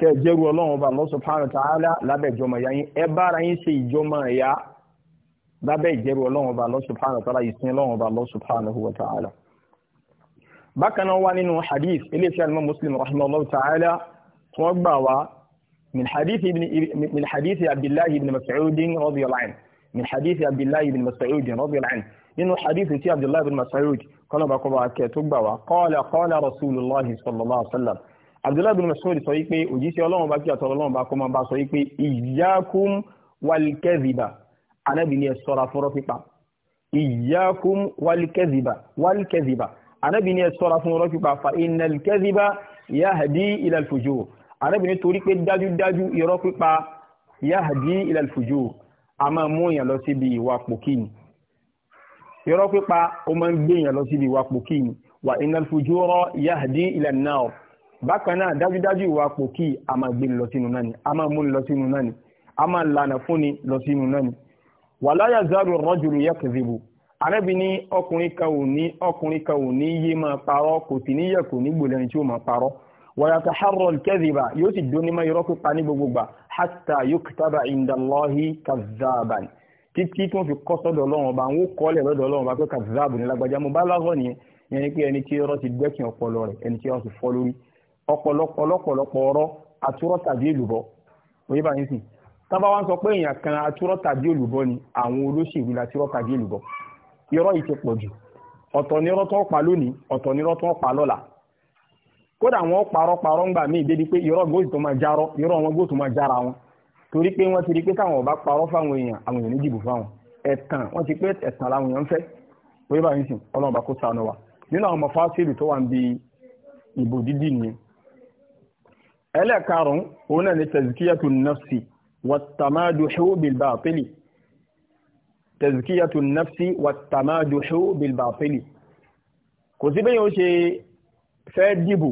S1: kẹ jẹ́rú ọlọ́run ọba Allah subhanahu wa ta'ala lábẹ́ ìjọmọ̀ ìyá yín ẹ bára yín ṣe ìjọmọ̀ ìyá lábẹ́ ìjẹ́rú ọlọ́run ọba Allah subhanahu wa ta'ala ìsìn ọlọ́run ọba Allah subhanahu wa ta'ala. bákan náà wá nínú hadith iléeṣẹ́ àlùmọ́ muslim rahimahullah ta'ala tí wọ́n gbà wá min hadith min hadith abdullahi ibn mas'ud radiyallahu anhu min hadith abdullahi ibn mas'ud radiyallahu anhu nínú hadith ti abdullahi ibn mas'ud kọ́nà bá kẹ́ tó gbà wá qala qala rasulullahi sallallahu alaihi wasallam abdullahi bin masoud sọ wípé òjíṣẹ́ ọlọ́run bá kí àtọ̀rọ̀ ọlọ́run bá kọ́ máa bá sọ wípé ìyákùm wàlìkẹ́zìbà anábì ni ẹ sọ́ra fọ́rọ́ pípa ìyákùm wàlìkẹ́zìbà wàlìkẹ́zìbà anábì ni ẹ sọ́ra fún pípa fa ìnàlìkẹ́zìbà yahdi ila anábì ni torí pé dájúdájú irọ́ pípa yahdi ila a máa mú èèyàn lọ síbi ìwà pòkìní irọ́ pípa ó máa ń gbé èèyàn lọ síbi ìwà pòkìní wa inna al-fujura yahdi bákan náà dájúdájú ìwà pòkì a máa gbé lọ sínú náà ni a máa mú lọ sínú náà ni a máa lànà fúnni lọ sínú náà ni wala yazalu rajulu yakzibu àrẹ́bí ní ọkùnrin kan ò ní ọkùnrin kan ò ní yé máa parọ́ kò sì níyẹ̀ kò ní gbòlẹ́ni tí ó máa parọ́ wàyàtà harold kẹ́zìbà yóò sì dún máa irọ́ pípa ní gbogbogbà hatta yuktaba indallahi kazaban títí tí wọ́n fi kọ́ sọ́dọ̀ ọlọ́run ọba àwọn kọ́lẹ̀ lọ́dọ̀ ọlọ́run ọba pé kazabu ní lágbájá mo bá lágọ́ nìyẹn ni pé ẹni tí irọ́ ti gbẹ́kìn ọpọlọ rẹ̀ ẹni tí irọ́ ti fọ́ lórí ọ̀pọ̀lọpọ̀ ọlọ́pọ̀lọpọ̀ ọ̀rọ̀ àtúrọ̀ tàbí èlùbọ́ òye bá yín sìn tábà wá sọ pé èèyàn kan àtúrọ̀ tàbí èlùbọ́ ni àwọn olóṣèlú la túrọ̀ tàbí èlùbọ́ irọ́ yìí ti pọ̀ jù ọ̀tọ̀ ni irọ́ tó ń pa lónìí ọ̀tọ̀ ni irọ́ tó ń pa lọ́la kódà wọn parọ́ parọ́ ńgbà míì débi pé irọ́ góòtù tó máa jarọ́ irọ́ wọn góòtù máa jára wọn torí pé wọ́n ti rí pé táwọn ọba parọ́ fáwọn èèyàn àwọn èèyàn ní dìbò fáwọn ẹ̀tàn wọ́n ti pé ẹ̀tàn làwọn èèyàn ń fẹ́ wọ́n yóò bá yín sìn ọlọ́run bá kó ṣàánú wa nínú àwọn ọmọ fásitì tó wà ń bi ìbò dídì nìyẹn ẹlẹ́karùn-ún òun náà ni tazkiyatu nafsi wàtàmáduhu bilbaatili tazkiyatu nafsi wàtàmáduhu bilbaatili kò sí bẹ́yìn ó ṣe fẹ́ dìbò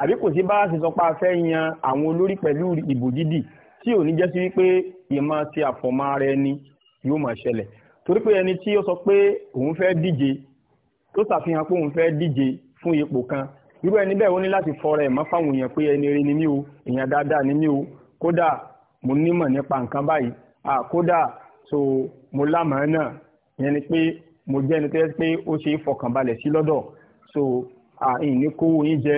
S1: àbí kò sí bá a ṣe sọ pé a fẹ́ yan àwọn olórí pẹ̀lú ìbò dídì tí ò ní jẹ́ sí wípé ìmọ̀ ti àfọ̀mọ́ ara ẹni yóò máa ṣẹlẹ̀ torí pé ẹni tí ó sọ pé òun fẹ́ díje tó ṣàfihàn pé òun fẹ́ díje fún ipò kan irú ẹni bẹ́ẹ̀ ó ní láti fọra ẹ̀ mọ́ fáwọn èèyàn pé ẹni rí ni mí o èèyàn dáadáa ni mí o kódà mo nímọ̀ nípa nǹkan báyìí à kódà so mo lámàá náà ìyẹn ni pé mo jẹ́ ẹni tó yẹ pé ó ṣe é fọkànbalẹ̀ sí lọ́dọ̀ so ìní kówó yín jẹ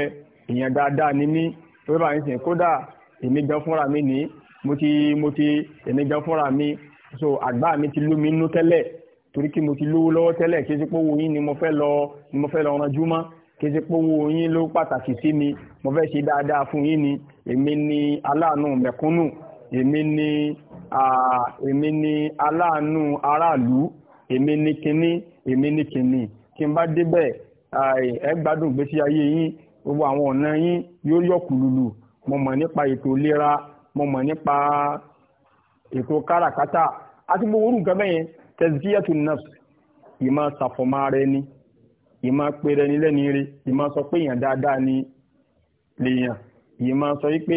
S1: èèyàn dáadáa ni mí tó bá yín sìn kódà èmi gan fúnra mi ní mo ti mo ti èmi gan fúnra mi so àgbà mi ti lómi nú tẹ́lẹ̀ torí kí mo ti lówó lọ́wọ́ tẹ́lẹ̀ kí n sì pé owó yín ni mo fẹ́ lọ ni mo fẹ́ lọ ranjú mọ́ kéde pówó yín ló pàtàkì sí mi mo fẹ́ ṣe dáadáa fún yín ni èmi ni aláàánú mẹ̀kúnnù èmi ni èmi ni aláàánú aráàlú èmi ni kinní èmi ni kinní kí n bá débẹ̀ ẹ gbádùn ìgbésí ayé yín gbogbo àwọn ọ̀nà yín yóò yọ kùlùlù mo mọ̀ nípa ètò ìlera mo mọ̀ nípa ètò káràkátà àti gbogbo orú bẹ́yẹn tẹ̀síkíyàtù nafs ìmọ̀ ṣàfọ̀mọ́ ara ẹni ìmá pèrè ní lẹ́ni rí ìmá sọ pé èèyàn dáadáa ni lèèyàn ìmá sọ pé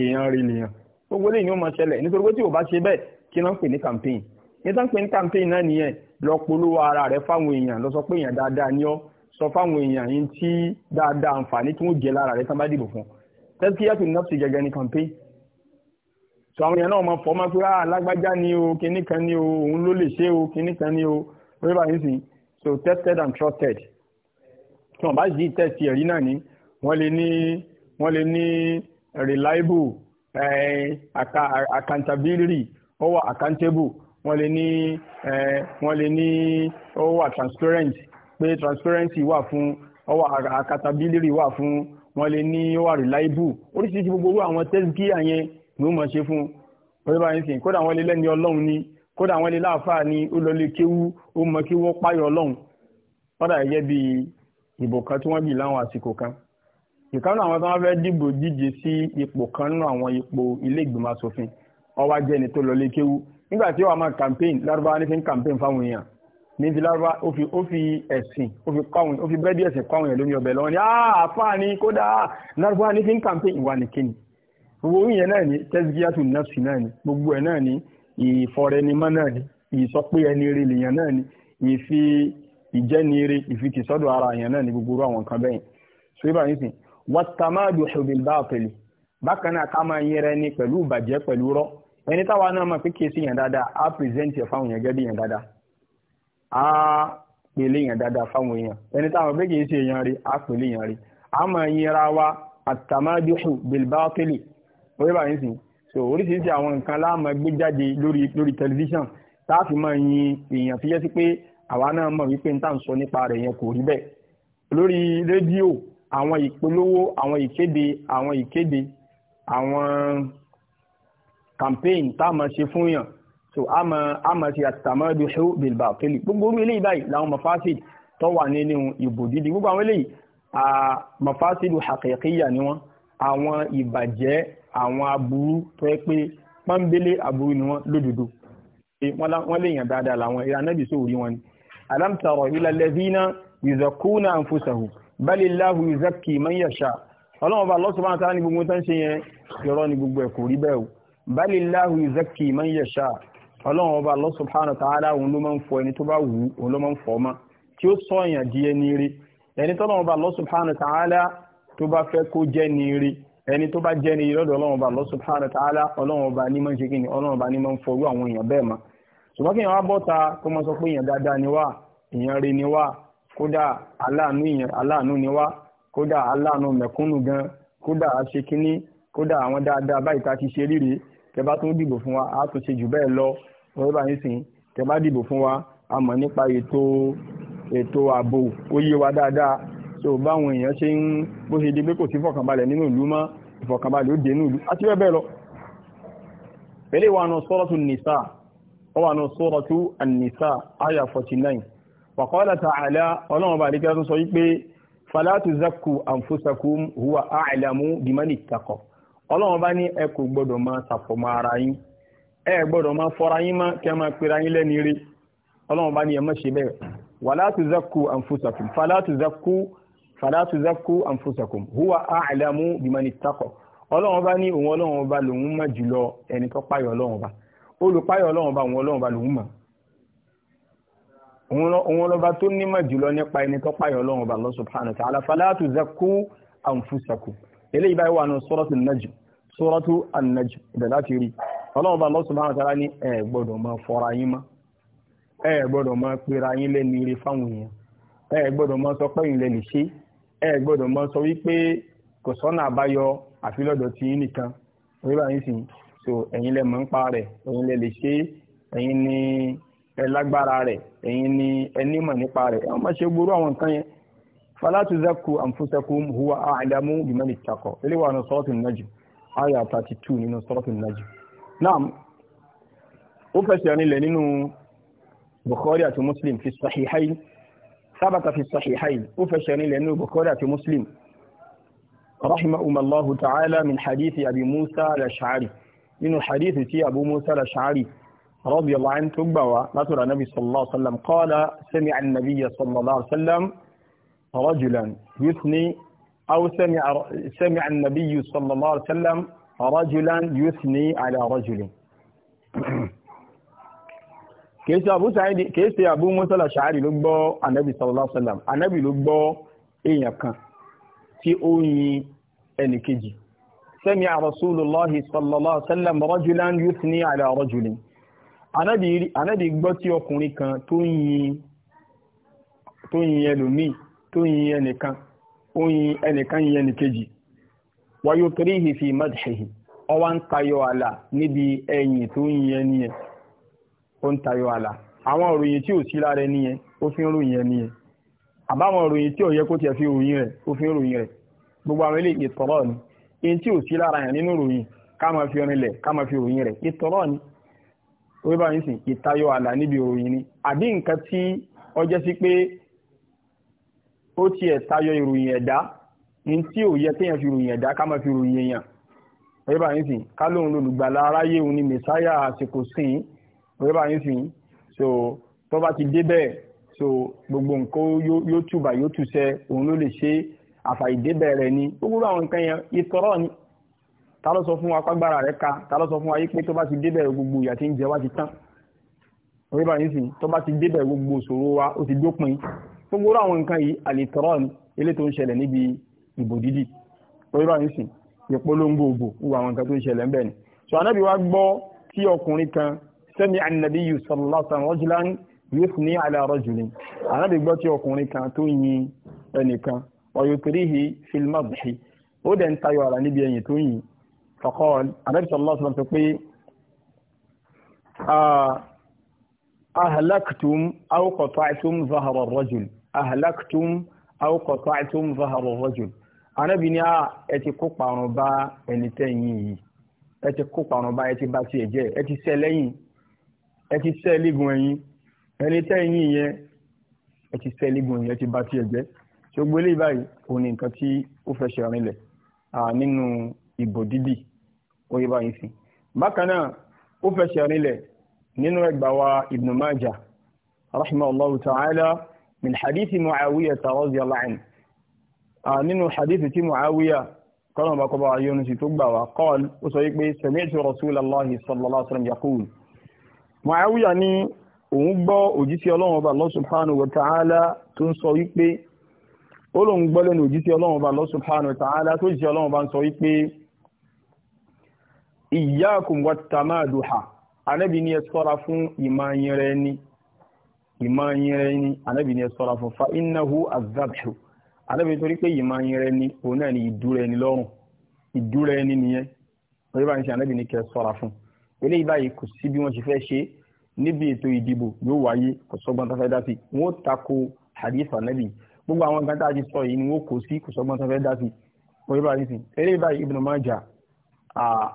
S1: èèyàn rí lèèyàn gbogbo lẹ́yìn ó máa ṣẹlẹ̀ nítorí pé tí ò bá ṣe bẹ́ẹ̀ kí náà pè ní campaign ní tá pè ní campaign náà nìyẹn lọ polówó ara rẹ fáwọn èèyàn lọ sọ pé èèyàn dáadáa ni ọ sọ fáwọn èèyàn yín tí dáadáa àǹfààní tí wọ́n jẹ lára rẹ tán bá dìbò fún tẹ́síkíyàtò nọ́ọ̀sì gẹ́gẹ́ ní campaign so àwọn èèyàn náà máa fọ́ máa pé ah alágbájá ni o kinní kan ni o òun ló lè ṣe o kinní kan ni o wíwá yín sìn so tested and trusted tí wọ́n bá sì tẹ̀sí ẹ̀rí náà ni wọ́n lè ní wọ́n lè ní reliable eh, accountability ó wà accountable wọ́n lè ní eh, wọ́n lè ní ó transparent pé transparency wà fún ó wà accountability wà fún wọ́n lè ní ó reliable oríṣiríṣi gbogbo àwọn tẹ́síkìá yẹn ló mọ̀ ṣe fún wọ́n bá ń sìn kódà wọ́n lè lẹ́ni ọlọ́run ni kódà wọ́n lè láàfáà ni ó lọ lè kéwú ó mọ kí wọ́n páyọ̀ ọlọ́run kódà ẹ̀yẹ́ bíi ìbò kan tí wọ́n dì láwọn àsìkò kan ìkànnì àwọn tí wọ́n fẹ́ dìbò díje sí ipò kan nínú àwọn ipò ilé ìgbìmọ̀ asòfin ó wá jẹ́ ẹni tó lọ lé kéwú nígbà tí ó wà máa campaign lárúbáwá ní fi ń campaign fáwọn èèyàn ní ti lárúbá ó fi ó fi ẹ̀sìn ó fi kọ́wọn ó fi bẹ́ẹ̀dì ẹ̀sìn kọ́wọn ẹ̀ lómi ọbẹ̀ lọ́wọ́ ni àáfàá ni kódà lárúbáwá ní fi ń campaign ìwà nìkéni gbogbo yẹn náà ni tẹ́sígíyàtù nọ́ọ̀sì náà ni gbogbo ẹ̀ náà ni ìfọ̀rẹ́nimọ́ náà ni ìsọpé rẹ̀ lèèyàn náà ni ìfi ìjẹ́niire ìfitìsọ́dọ̀ ara èèyàn náà ní gbogbo àwọn nǹkan bẹ́yìn so ibà nísìn wàtàmáàdù ṣòbìn bá pẹ̀lú bákan náà ká máa yẹra ẹni pẹ̀lú ìbàjẹ́ pẹ̀lú rọ́ ẹni táwa náà máa kékeré sí yẹn dáadáa á pèsèǹtì ẹ̀ fáwọn èèyàn gẹ́gẹ́ bí yẹn dáadáa á pèlè yẹn dáadáa fáwọn èèyàn ẹni táwọn bẹ́ẹ̀ kìí ṣe èèyàn rí á pèlè yẹn rí á máa yẹra wa àtàmáàdù ṣòbìn bá pẹ̀lú ó yẹ bá yín sìn so oríṣiríṣi àwọn nǹkan láà máa gbé jáde lórí lórí tẹlifíṣàn táà fi máa yin èèyàn fi jẹ́ sí pé àwa náà mọ̀ wípé n tàn sọ nípa rẹ̀ yẹn kò rí bẹ́ẹ̀ lórí rédíò àwọn ìpolówó àwọn ìkéde àwọn ìkéde àwọn campaign tá a máa ṣe fún yàn so a máa a máa ṣe àtàmọ́dù ṣó bilba òkèlè gbogbo orí eléyìí báyìí làwọn mafasid tó wà nínú ìbò dídì gbogbo àwọn eléyìí mafasidu haqiqiyya ni wọ́n àwọn ìbàjẹ́ àwọn aburú tó yẹ pé pọ́nbélé aburú ni wọ́n lódodo wọ́n léèyàn dáadáa làwọn ìyá anábìsọ̀ wọn ni alam tara ila alladhina yuzakkuna anfusahum balillahu yuzakki man yasha ọlọ́run bá Allah subhanahu wa ta'ala ní gbogbo tán ṣe yẹn yọrọ ní gbogbo ẹ̀ kò rí bẹ́ẹ̀ o balillahu yuzakki man yasha ọlọ́run bá Allah subhanahu òun ló máa ń fọ ẹni tó bá wù òun ló máa ń fọ ma tí ó sọ èèyàn di ẹni rí ẹni tọ́lọ́run bá Allah subhanahu tó bá fẹ́ kó jẹ́ ni rí ẹni tó bá jẹ́ ni rí lọ́dọ̀ ọlọ́run bá Allah subhanahu ọlọ́run bá ní máa ń ṣe kí ni ọlọ́run bá ní máa ń fọrú àwọn èèyàn bẹ́ẹ̀ máa ṣùgbọ́n kí èèyàn wá bọ́ta kó mọ sọ pé èèyàn dáadáa ni wá èèyàn re ni wá kódà aláàánú èèyàn aláàánú ni wá kódà aláàánú mẹ̀kúnnù gan kódà aṣekínní kódà àwọn dáadáa báyìí ká ti ṣe ríre kẹbá tún dìbò fún wa á tún ṣe jù bẹ́ẹ̀ lọ lọ́wọ́ bá yín sìn kẹbá dìbò fún wa a mọ̀ nípa ètò ààbò ó yé wa dáadáa tó báwọn èèyàn ṣe ń bó ṣe di pé kò sí fọkànbalẹ̀ nínú ìlú mọ́ ìfọkànbalẹ̀ ó dé nínú ìlú àti bẹ́ẹ̀ lọ. eléwàá náà sọ́rọ́tún nìsáà wọ́n nù suratu an-nisa aya 49 wa qala ta'ala ọlọ́run bá àdékẹ́lá tó sọ wípé fala tuzakku anfusakum huwa a'lamu biman ittaqa ọlọ́run bá ní ẹ kò gbọ́dọ̀ máa ṣàfọ̀mọ́ ara yín ẹ gbọ́dọ̀ máa fọra yín má kí a máa pera yín lẹ́ni rí ọlọ́run bá ní ẹ ṣe bẹ́ẹ̀ wala tuzakku anfusakum fala tuzakku fala tuzakku anfusakum huwa a'lamu biman ittaqa ọlọ́run bá ní òun ọlọ́run bá lòun má jùlọ ẹni tó páyọ̀ bá olùpáyọ̀ ọlọ́run bá òun ọlọ́run bá lòun mọ̀ òun ọlọ́ba tó nímọ̀ jùlọ nípa ẹni tó páyọ̀ ọlọ́run bá Allah subhanahu wa ta'ala fala tuzakku anfusakum eléyìí báyìí wà ní suratu an-najm suratu an-najm ìbẹ̀ láti rí ọlọ́run bá Allah subhanahu wa ta'ala ní ẹ gbọ́dọ̀ máa fọra yín mọ́ ẹ gbọ́dọ̀ máa pera yín lẹ́nu ire fáwọn èèyàn ẹ gbọ́dọ̀ máa sọ so ẹ̀yin lẹ mọ̀ ń pa rẹ̀ ẹ̀yin lẹ lè ṣe é ẹ̀yin ni ẹ lágbára rẹ̀ ẹ̀yin ni ẹ nímọ̀ nípa rẹ̀ ẹ má ṣe gbúrú àwọn nǹkan yẹn falatu zaku anfusakum huwa a'lamu biman ittaqa eléwà ní suratul najm àyà thirty two nínú suratul najm naam ó fẹsẹ̀ nílẹ̀ nínú bukhari àti muslim fi sahihayn sábàtà fi sahihayn ó fẹsẹ̀ nílẹ̀ nínú bukhari àti muslim rahimahumullahu ta'ala min hadithi abi musa al-ash'ari nínú hadith tí abu musa al-ash'ari radiyallahu anhu tó gbà wá látọ̀rọ̀ anabi sallallahu alaihi wasallam qala sami'a an-nabiyya sallallahu alaihi wasallam rajulan yuthni aw sami'a sami'a an-nabiyyu sallallahu alaihi wasallam rajulan yuthni ala rajulin kèése abu sa'idi kèése abu musa al-ash'ari ló gbọ́ anabi sallallahu alaihi wasallam anabi ló gbọ́ èèyàn kan tí ó yin ẹnìkejì sami'a rasulullahi sallallahu alaihi wasallam rajulan yuthni ala rajulin ànábì gbọ́ tí ọkùnrin kan tó yin ẹlòmíì tó yin ẹnìkan ó yin ẹnìkan yin ẹnìkejì wa yukrihi fi madhihi ọwá ń tayọ àlà níbi ẹ̀yìn tó yin ẹni yẹn ó ń tayọ àlà àwọn òròyìn tí ò sí lára ẹni yẹn ó fi ń ròyìn ẹni yẹn àbáwọn òròyìn tí ò yẹ kó tiẹ̀ fi ròyìn rẹ̀ ó fi ń ròyìn rẹ̀ gbogbo àwọn eléyìí tọ̀rọ̀ ni in tí ò sí lára yàn nínú ròyìn ká máa fi rinlẹ̀ ká máa fi ròyìn rẹ̀ ìtọ́rọ̀ ni orí bá yín sìn ìtayọ àlà níbi ròyìn ni àbí nǹkan tí ó jẹ́ sí pé ó tiẹ̀ tayọ ìròyìn ẹ̀dá in tí yẹ kéèyàn fi ròyìn ẹ̀dá ká máa fi ròyìn èèyàn orí bá yín sìn ká lóun lolùgbàlà aráyé òun ni mẹsáyà àsìkò sìn orí bá yín sìn so tó bá ti dé bẹ́ẹ̀ so gbogbo nǹkan yóò tùbà yóò tùsẹ̀ òun ló lè ṣe é àfàìdébẹ̀ rẹ̀ ni gbogbo àwọn nǹkan yẹn ìtọ́rọ̀ ni ta ló sọ fún wa pàgbára rẹ̀ ka ta ló sọ fún wa yí pé tó bá ti débẹ̀ gbogbo ìyà tí ń jẹ wá ti tán orí bá yín sì tó bá ti débẹ̀ gbogbo ìṣòro wa ó ti dópin gbogbo àwọn nǹkan yìí àlìtọ́rọ̀ ni ilé tó ń ṣẹlẹ̀ níbi ìbò dídì orí bá yín sì ìpolongo ògbò gbogbo àwọn nǹkan tó ń ṣẹlẹ̀ ńbẹ̀ ni so anábì wa gbọ́ tí ọkùnrin kan sẹ́mi ànàbí yìí sọ̀rọ̀lá ọ̀yọ̀kìrìhì fílmọ̀bì ó dẹ̀ ń tayọ ara níbi ẹ̀yìn tó yìn fọ̀kọ́ àdẹ́bìsọ̀ lọ́sọ̀ sọ pé ahlaktum aw qata'tum zahara ar-rajul ahlaktum aw qata'tum zahara ar-rajul ànábì ní ẹ ti kó parun bá ẹni tẹ́yìn yìí ẹ ti kó parun bá ẹ ti bá tiẹ̀ jẹ́ ẹ ti sẹ́ lẹ́yìn ẹ ti sẹ́ lígun ẹ̀yìn ẹni tẹ́yìn yẹn ẹ ti sẹ́ lígun ẹ̀yìn ẹ ti bá tiẹ̀ jẹ́ ṣùgbọ́n eléyìí báyìí òun ni nǹkan tí ó fẹ́ ṣe àrinlẹ̀ nínú ìbò dídì oyè báyìí sí. bákan náà ó fẹ́ ṣe àrinlẹ̀ nínú ẹgbà wa ibn majah rahimahullahu ta'ala min hadithi muawiya radiyallahu anhu nínú hadithi tí muawiya kọ́nà bá kọ́ bá yọnu sí tó gbà wá qal ó sọ wípé sami'tu rasulallahi sallallahu alaihi wasallam yaqul muawiya ní òun gbọ́ òjíṣẹ́ ọlọ́run ọba Allah subhanahu wa ta'ala tó ń sọ wípé ó lòun gbọ́ lẹ́nu òjíṣẹ́ ọlọ́run ọba Allah subhanahu wa ta'ala tó jíṣẹ́ ọlọ́run ọba ń sọ wípé iyyakum wat-tamaduha anábì ní ẹ ṣọ́ra fún ìmáyẹrẹ ẹni ìmáyẹrẹ ẹni anábì ní ẹ ṣọ́ra fún fa innahu az-zabhu anábì torí pé ìmáyẹrẹ ẹni òun náà ni ìdúró ẹni lọ́rùn ìdúró ẹni nìyẹn orí bá ń ṣe anábì ní kẹ́ ṣọ́ra fún eléyìí báyìí kò sí bí wọ́n ṣe fẹ́ ṣe níbi ètò ìdìbò yóò wáyé kò sọ́gbọ́n tó sí wọ́n tako hadith anábì gbogbo àwọn nǹkan tá a ti sọ yìí ni wọ́n kò sí kò sọgbọ́n tó fẹ́ dá sí wọ́n yóò bá yìí sìn eré báyìí Ibn Majah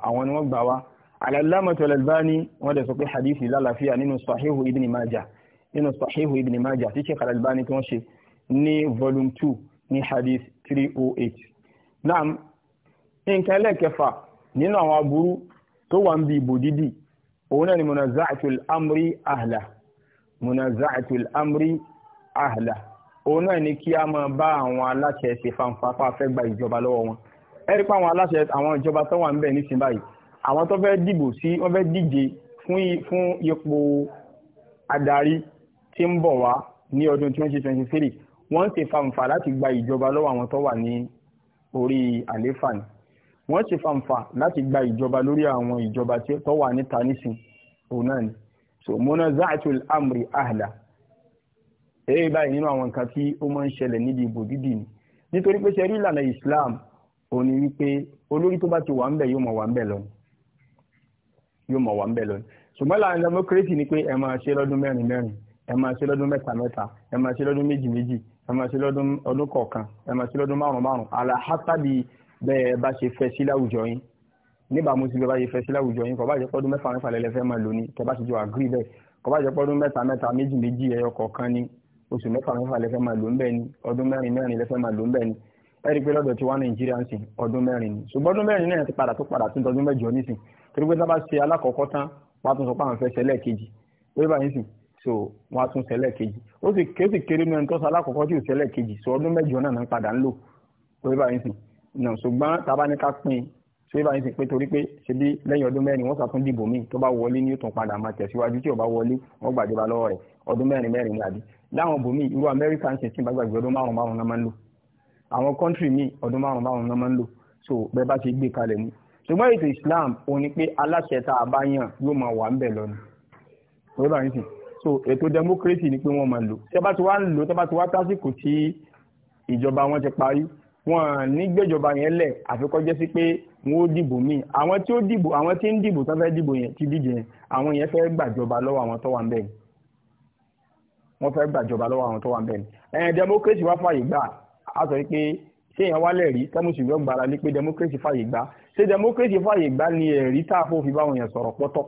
S1: àwọn ni wọ́n gbà wá al-Allamah al-Albani sọ pé hadith lálàáfíà nínú sahihu Ibn Majah nínú sahihu Ibn Majah tí Sheikh al tí wọ́n ṣe ní volume two ní hadith three oh eight naam nǹkan ẹlẹ́kẹfà nínú àwọn aburú tó wà ń bi ìbò dídì òun náà ni munazatul amri ahla munazatul amri ahla òun náà ni kí a máa bá àwọn aláṣẹ ṣe fanfàpá fẹ́ gba ìjọba lọ́wọ́ wọn ẹ rí pé àwọn aláṣẹ àwọn ìjọba tó wà ń bẹ̀ nísìnyí báyìí àwọn tó fẹ́ dìbò sí wọ́n fẹ́ díje fún fún ipò adarí tí ń bọ̀ wá ní ọdún 2023 wọ́n ń ṣe fanfà láti gba ìjọba lọ́wọ́ àwọn tó wà ní orí àléfà ni wọ́n ṣe fanfà láti gba ìjọba lórí àwọn ìjọba tó wà níta nísìn òun náà ni so mona zaatul amri ahla eré báyìí nínú àwọn nǹkan tí ó máa ń ṣẹlẹ̀ níbi ìbò dídì ni nítorí pé ṣe rí ìlànà Islam ò ní wípé olórí tó bá ti wà ń bẹ̀ yóò mọ̀ wà ń bẹ̀ lọ́nà yóò mọ̀ wà ń bẹ̀ lọ́nà ṣùgbọ́n ìlànà democracy ni pé ẹ máa ṣe lọ́dún mẹ́rin mẹ́rin ẹ máa ṣe lọ́dún mẹ́ta mẹ́ta ẹ máa ṣe lọ́dún méjì méjì ẹ máa ṣe lọ́dún ọdún kọ̀ọ̀kan ẹ máa ṣe lọ́dún márùn márùn àlàhátàbí bẹ́ẹ̀ bá ṣe fẹ́ sí láwùjọ yín níbàámu sí bẹ́ẹ̀ bá ṣe fẹ́ sí láwùjọ yín kò bá jẹ́ mẹ́fà mẹ́fà lẹ́lẹ́fẹ́ máa lò ní kẹ́ bá ṣe mẹ́ta mẹ́ta méjì méjì ẹyọ kọ̀ọ̀kan ni oṣù mẹ́fà mẹ́fà lẹ́fẹ́ máa lò ń bẹ́ẹ̀ ni ọdún mẹ́rin mẹ́rin lẹ́fẹ́ máa lò ń bẹ́ẹ̀ ni ẹ rí i pé lọ́dọ̀ tí wá nàìjíríà ń sìn ọdún mẹ́rin ni ṣùgbọ́n ọdún mẹ́rin náà ti padà tó padà tún tọdún mẹ́jọ nísìn torí pé tábà ṣe alákọ̀ọ́kọ́ tán wọ́n á tún sọ pé àwọn fẹ́ ṣẹlẹ̀ kejì wọ́n bá yín sìn so wọ́n á tún ṣẹlẹ̀ kejì ó sì ké sì kéré náà tó ṣé báyìí sì pé torí pé ṣe bí lẹ́yìn ọdún mẹ́rin wọ́n sàtún dìbò míì tó bá wọlé ní ìtàn padà máa tẹ̀síwájú tí ò bá wọlé wọ́n gbàjọba lọ́wọ́ rẹ̀ ọdún mẹ́rin mẹ́rin ní àbí láwọn bòmí irú amẹ́ríkà ń ṣe tí gbàgbàgbé ọdún márùn márùn náà máa ń lò àwọn kọ́ńtì míì ọdún márùn márùn náà máa ń lò so bẹ́ẹ̀ bá ṣe gbé kalẹ̀ ni ṣùgbọ́n ètò Islam ò ní pé aláṣẹ tá a bá yóò máa wà ń lọ so ètò democracy ni pé wọ́n máa lò tẹ́ bá ti wá ń lò tẹ́ bá ti wá tásìkò tí ìjọba wọn ti parí wọn nígbèjọba yẹn lẹ̀ àfikọ́ pé wọn ó dìbò míì àwọn tí ó dìbò àwọn tí ń dìbò tó fẹ́ dìbò yẹn ti díje yẹn àwọn yẹn fẹ́ gbàjọba lọ́wọ́ àwọn tó wà ń bẹ̀ ni wọ́n fẹ́ gbàjọba lọ́wọ́ àwọn tó wà ń bẹ̀ ni ẹ̀ẹ́n democracy wá fàyè gbà á sọ pé ṣé èèyàn wálẹ̀ rí tẹ́mùsùn yóò gbára lé pé democracy fàyè gbà ṣé democracy fàyè gbà ni ẹ̀rí tá a fò fi báwọn yẹn sọ̀rọ̀ pọ́tọ́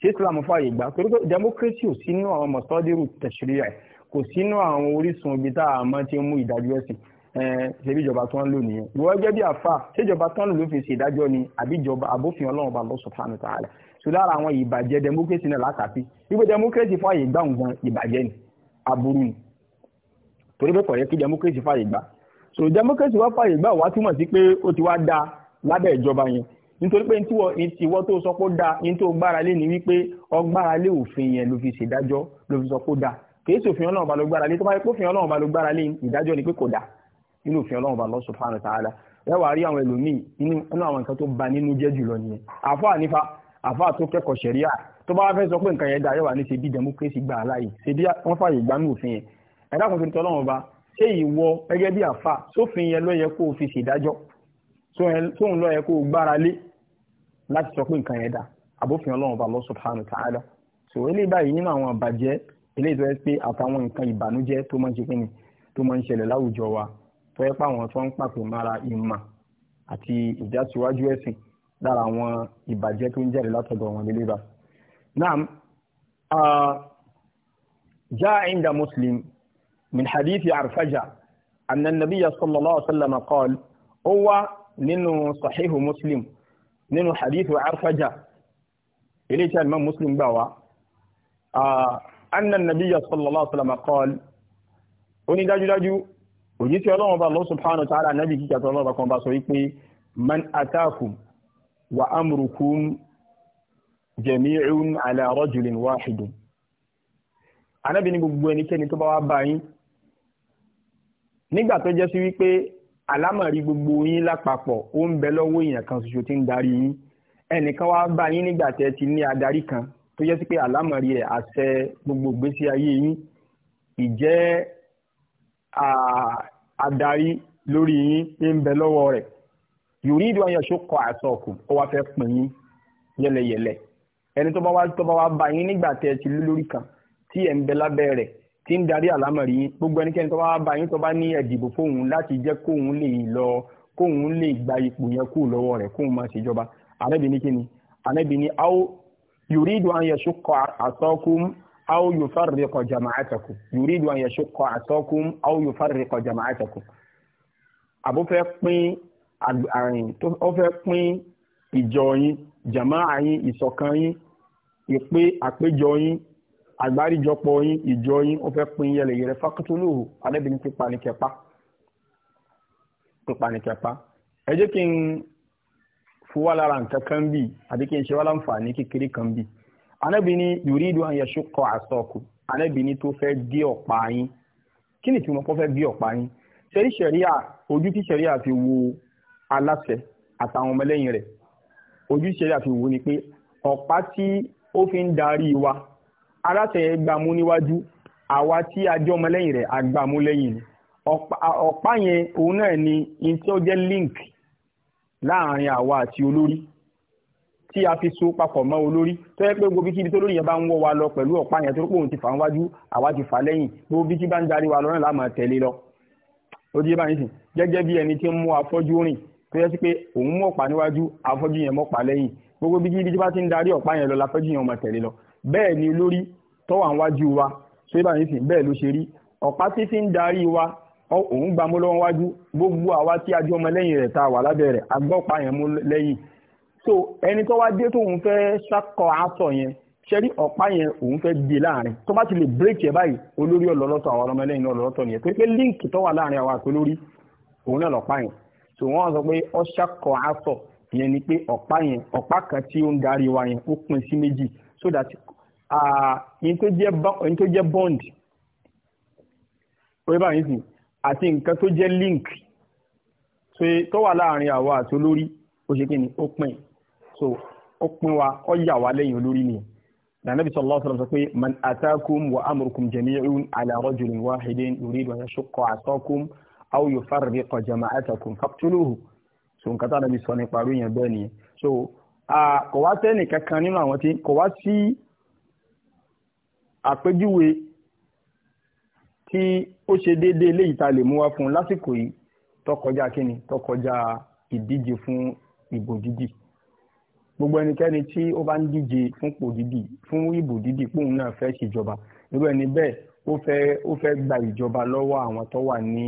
S1: ṣé Islam fàyè gbà torí pé democracy ò sínú àwọn mọ̀sọ́dírù tẹ̀síríà kò sínú àwọn orísun ibi tá a máa ti mú ìdájọ́ ẹ̀sìn ṣebí ìjọba tó ń lò nìyẹn ìwọ gẹ́gẹ́ bí àfa ṣèjọba tó ń lò fi ṣèdájọ́ ni àbí ìjọba àbófin ọlọ́run bá lọ subhanahu wa ta'ala so lára àwọn ìbàjẹ́ democracy náà látàfi wípé democracy fààyè gbà ǹgbọ́n ìbàjẹ́ ni aburú ni torí pé kò yẹ kí democracy fààyè gbà so democracy wá fààyè gbà wá túmọ̀ sí pé ó ti wá da lábẹ́ ìjọba yẹn nítorí pé ìwọ tó sọ pé ó da ní tó gbára lé ni wípé ọgbára lé òfin yẹn ló fi ṣèdájọ́ ló fi sọ pé ó da kì í ṣòfin ọlọ́run bá ló gbára lé tó bá yẹ kófin ọlọ́run bá ló gbára lé ìdájọ́ ni pé kò dáa nínú òfin ọlọ́run bá lọ́sùn fáwọn tààlà ẹ wàá rí àwọn ẹlòmíì nínú àwọn nǹkan tó ba nínú jẹ́ jùlọ nìyẹn àfáà nífa àfáà tó kẹ́kọ̀ọ́ ṣẹ̀ríà tó bá fẹ́ sọ pé nǹkan yẹn dá yẹ́wà ní ṣe bí democracy gba àlàyé ṣe bí wọ́n fààyè gbánú òfin yẹn ẹ̀dá kan tó ń tọ́ lọ́wọ́ bá ṣé ìwọ gẹ́gẹ́ bí àfà sófin yẹn ló yẹ kó o fi ṣèdájọ́ sóhun ló kó o gbára lé láti sọ pé nǹkan yẹn dá àbófin ọlọ́run bá lọ subhanahu ta'ala so eléyìí nínú àwọn àbàjẹ́ eléyìí tó yẹ pé àtàwọn nǹkan ìbànújẹ́ tó máa ń ṣe pé ni tó máa ń ṣẹlẹ̀ láwùjọ wa tó yẹ pé àwọn tó ń pàpè mára ìmọ̀ àti ìjásíwájú ẹ̀sìn lára àwọn ìbàjẹ́ tó ń jáde látọ̀dọ̀ wọn nílé bá. naam já inda muslim min hadithi arfaja anna nabiya sallallahu alaihi wa sallam qaal ó wá nínú sahihu muslim nínú hadithu arfaja ilé tí alimam muslim gbà wá anna nabiya sallallahu alaihi wa sallam ó ní dájúdájú òjì tí ọlọ́run bá Allah subhanahu wa ta'ala kíkà tó ọlọ́run bá kan sọ wípé man atakum wa amrukum jami'un ala rajulin wahidun anábì ní gbogbo ẹnikẹ́ni tó bá wá bá yín nígbà tó sí gbogbo yín lápapọ̀ ó ń bẹ lọ́wọ́ èèyàn kan ṣoṣo tí ń darí yín ẹnìkan wá bá yín ti ní adarí kan tó sí pé gbogbo ayé yín ìjẹ́ àdarí lórí yín ń bẹ lọ́wọ́ rẹ̀ yòrí ìdí ọyàn ṣokọ àṣọkùn ó wá fẹ́ pín yín yẹlẹyẹlẹ ẹni tó bá wá tó bá wá bá yín nígbà tẹ ẹ ti lé lórí kan tí ẹ ń bẹ lábẹ́ rẹ̀ tí ń darí àlámọ̀rí yín gbogbo ẹnikẹ́ni tó bá wá bá yín tó bá ní ẹ̀dìbò fóun láti jẹ́ kóun lè lọ kóun lè gba ipò yẹn kú lọ́wọ́ rẹ̀ kóun máa ṣèjọba àrẹ́bìnrin kí ni àrẹ́bìnrin áwò yòrí ìdí ọyàn ṣokọ àṣọkùn aw yufarriqa jama'atakum yuridu an yashqa asakum aw yufarriqa jama'atakum àbó fẹ́ pín àrìn tó ó fẹ́ pín ìjọ yín jàmáà yín ìṣọ̀kan yín ìpè àpéjọ yín àgbáríjọpọ̀ yín ìjọ yín ó fẹ́ pín yẹlẹyẹlẹ faqtuluhu alẹ́bìnrin pípa ní kẹpa pípa ní kẹpa ẹ jẹ́ kí n kan bì anábì ní yuridu an yashuqqa asakum anábì ní tó fẹ́ gé ọ̀pá yín kí ni ìtumọ̀ kó fẹ́ gé ọ̀pá yín ṣẹ̀rí ṣẹ̀ríà ojú tí ṣẹ̀ríà fi wo aláṣẹ àtàwọn ọmọlẹ́yìn rẹ̀ ojú ṣẹ̀ríà fi wo ni pé ọ̀pá tí ó fi ń darí wa aláṣẹ yẹn gbàmú níwájú àwa tí a jẹ́ ọmọlẹ́yìn rẹ̀ agbàmú lẹ́yìn ni ọ̀pá yẹn òun náà ni in tí ó jẹ́ link láàrin àwa àti olórí tí a fi so papọ̀ mọ́ olórí tó yẹ pé gbogbo kíbi tó lórí yẹn bá ń wọ́ wa lọ pẹ̀lú ọ̀pá yẹn tó pé òun ti fà ń wájú àwa ti fà lẹ́yìn gbogbo bí bá ń darí wa lọ náà láàmú tẹ̀lé lọ. ó di báyìí sìn gẹ́gẹ́ bí ẹni tí ń mú afọ́jú rìn tó yẹ sí pé òun mú ọ̀pá níwájú afọ́jú yẹn mọ́pá lẹ́yìn gbogbo bí kíbi tí bá ti ń darí ọ̀pá yẹn lọ láfọ́jú yẹn máa tẹ̀lé lọ bẹ́ẹ̀ ni olórí tó wà níwájú wa ṣé báyìí sìn bẹ́ẹ̀ ló ṣe rí ọ̀pá tí fi ń darí wa òun gbàmú lọ́wọ́ wájú gbogbo àwa tí a jọ ọmọ lẹ́yìn rẹ̀ tá wà lábẹ́ rẹ̀ agbọ́pá yẹn mú lẹ́yìn so ẹni tó wá dé tóun fẹ́ ṣàkọ aṣọ yẹn ṣẹ́rí ọ̀pá yẹn òun fẹ́ gbé láàrin tó bá ti lè bírèkì ẹ̀ báyìí olórí ọlọ́lọ́tọ̀ àwọn ọmọ ẹlẹ́yìn ọlọ́lọ́tọ̀ nìyẹn pé pé líǹkì tó wà láàrin àwọn àti òun náà lọ́pá yẹn so wọ́n sọ pé ó ṣàkọ aṣọ yẹn ni pé ọ̀pá yẹn ọ̀pá kan tí ó ń darí wa yẹn ó pín sí méjì so that ẹni tó jẹ́ bond pé báyìí sì àti nǹkan tó jẹ́ link tó wà láàrin àwọn àti olórí ó ṣe kí ni ó pín so ó pín wa ó yà wá lẹ́yìn olórí ni nànàbí sallallahu alaihi wasallam sọ pé man atakum wa amrukum jami'un ala rajulin wahidin yuridu an yashqa asakum aw yufarriqa jama'atakum faqtuluhu so nǹkan tá nàbí sọ nípa rí yẹn bẹ́ẹ̀ nìyẹn so kò wá sẹ́ni kankan nínú àwọn tí kò wá sí àpèjúwe tí ó ṣe déédéé léyìí tá lè mú wá fún lásìkò yìí tó kíni tó ìdíje fún ìbò dídì gbogbo ẹnikẹ́ni tí ó bá ń díje fún ipò dídì fún ìbò dídì póun náà fẹ́ ṣèjọba irú ẹni bẹ́ẹ̀ ó fẹ́ ó fẹ́ gba ìjọba lọ́wọ́ àwọn tó wà ní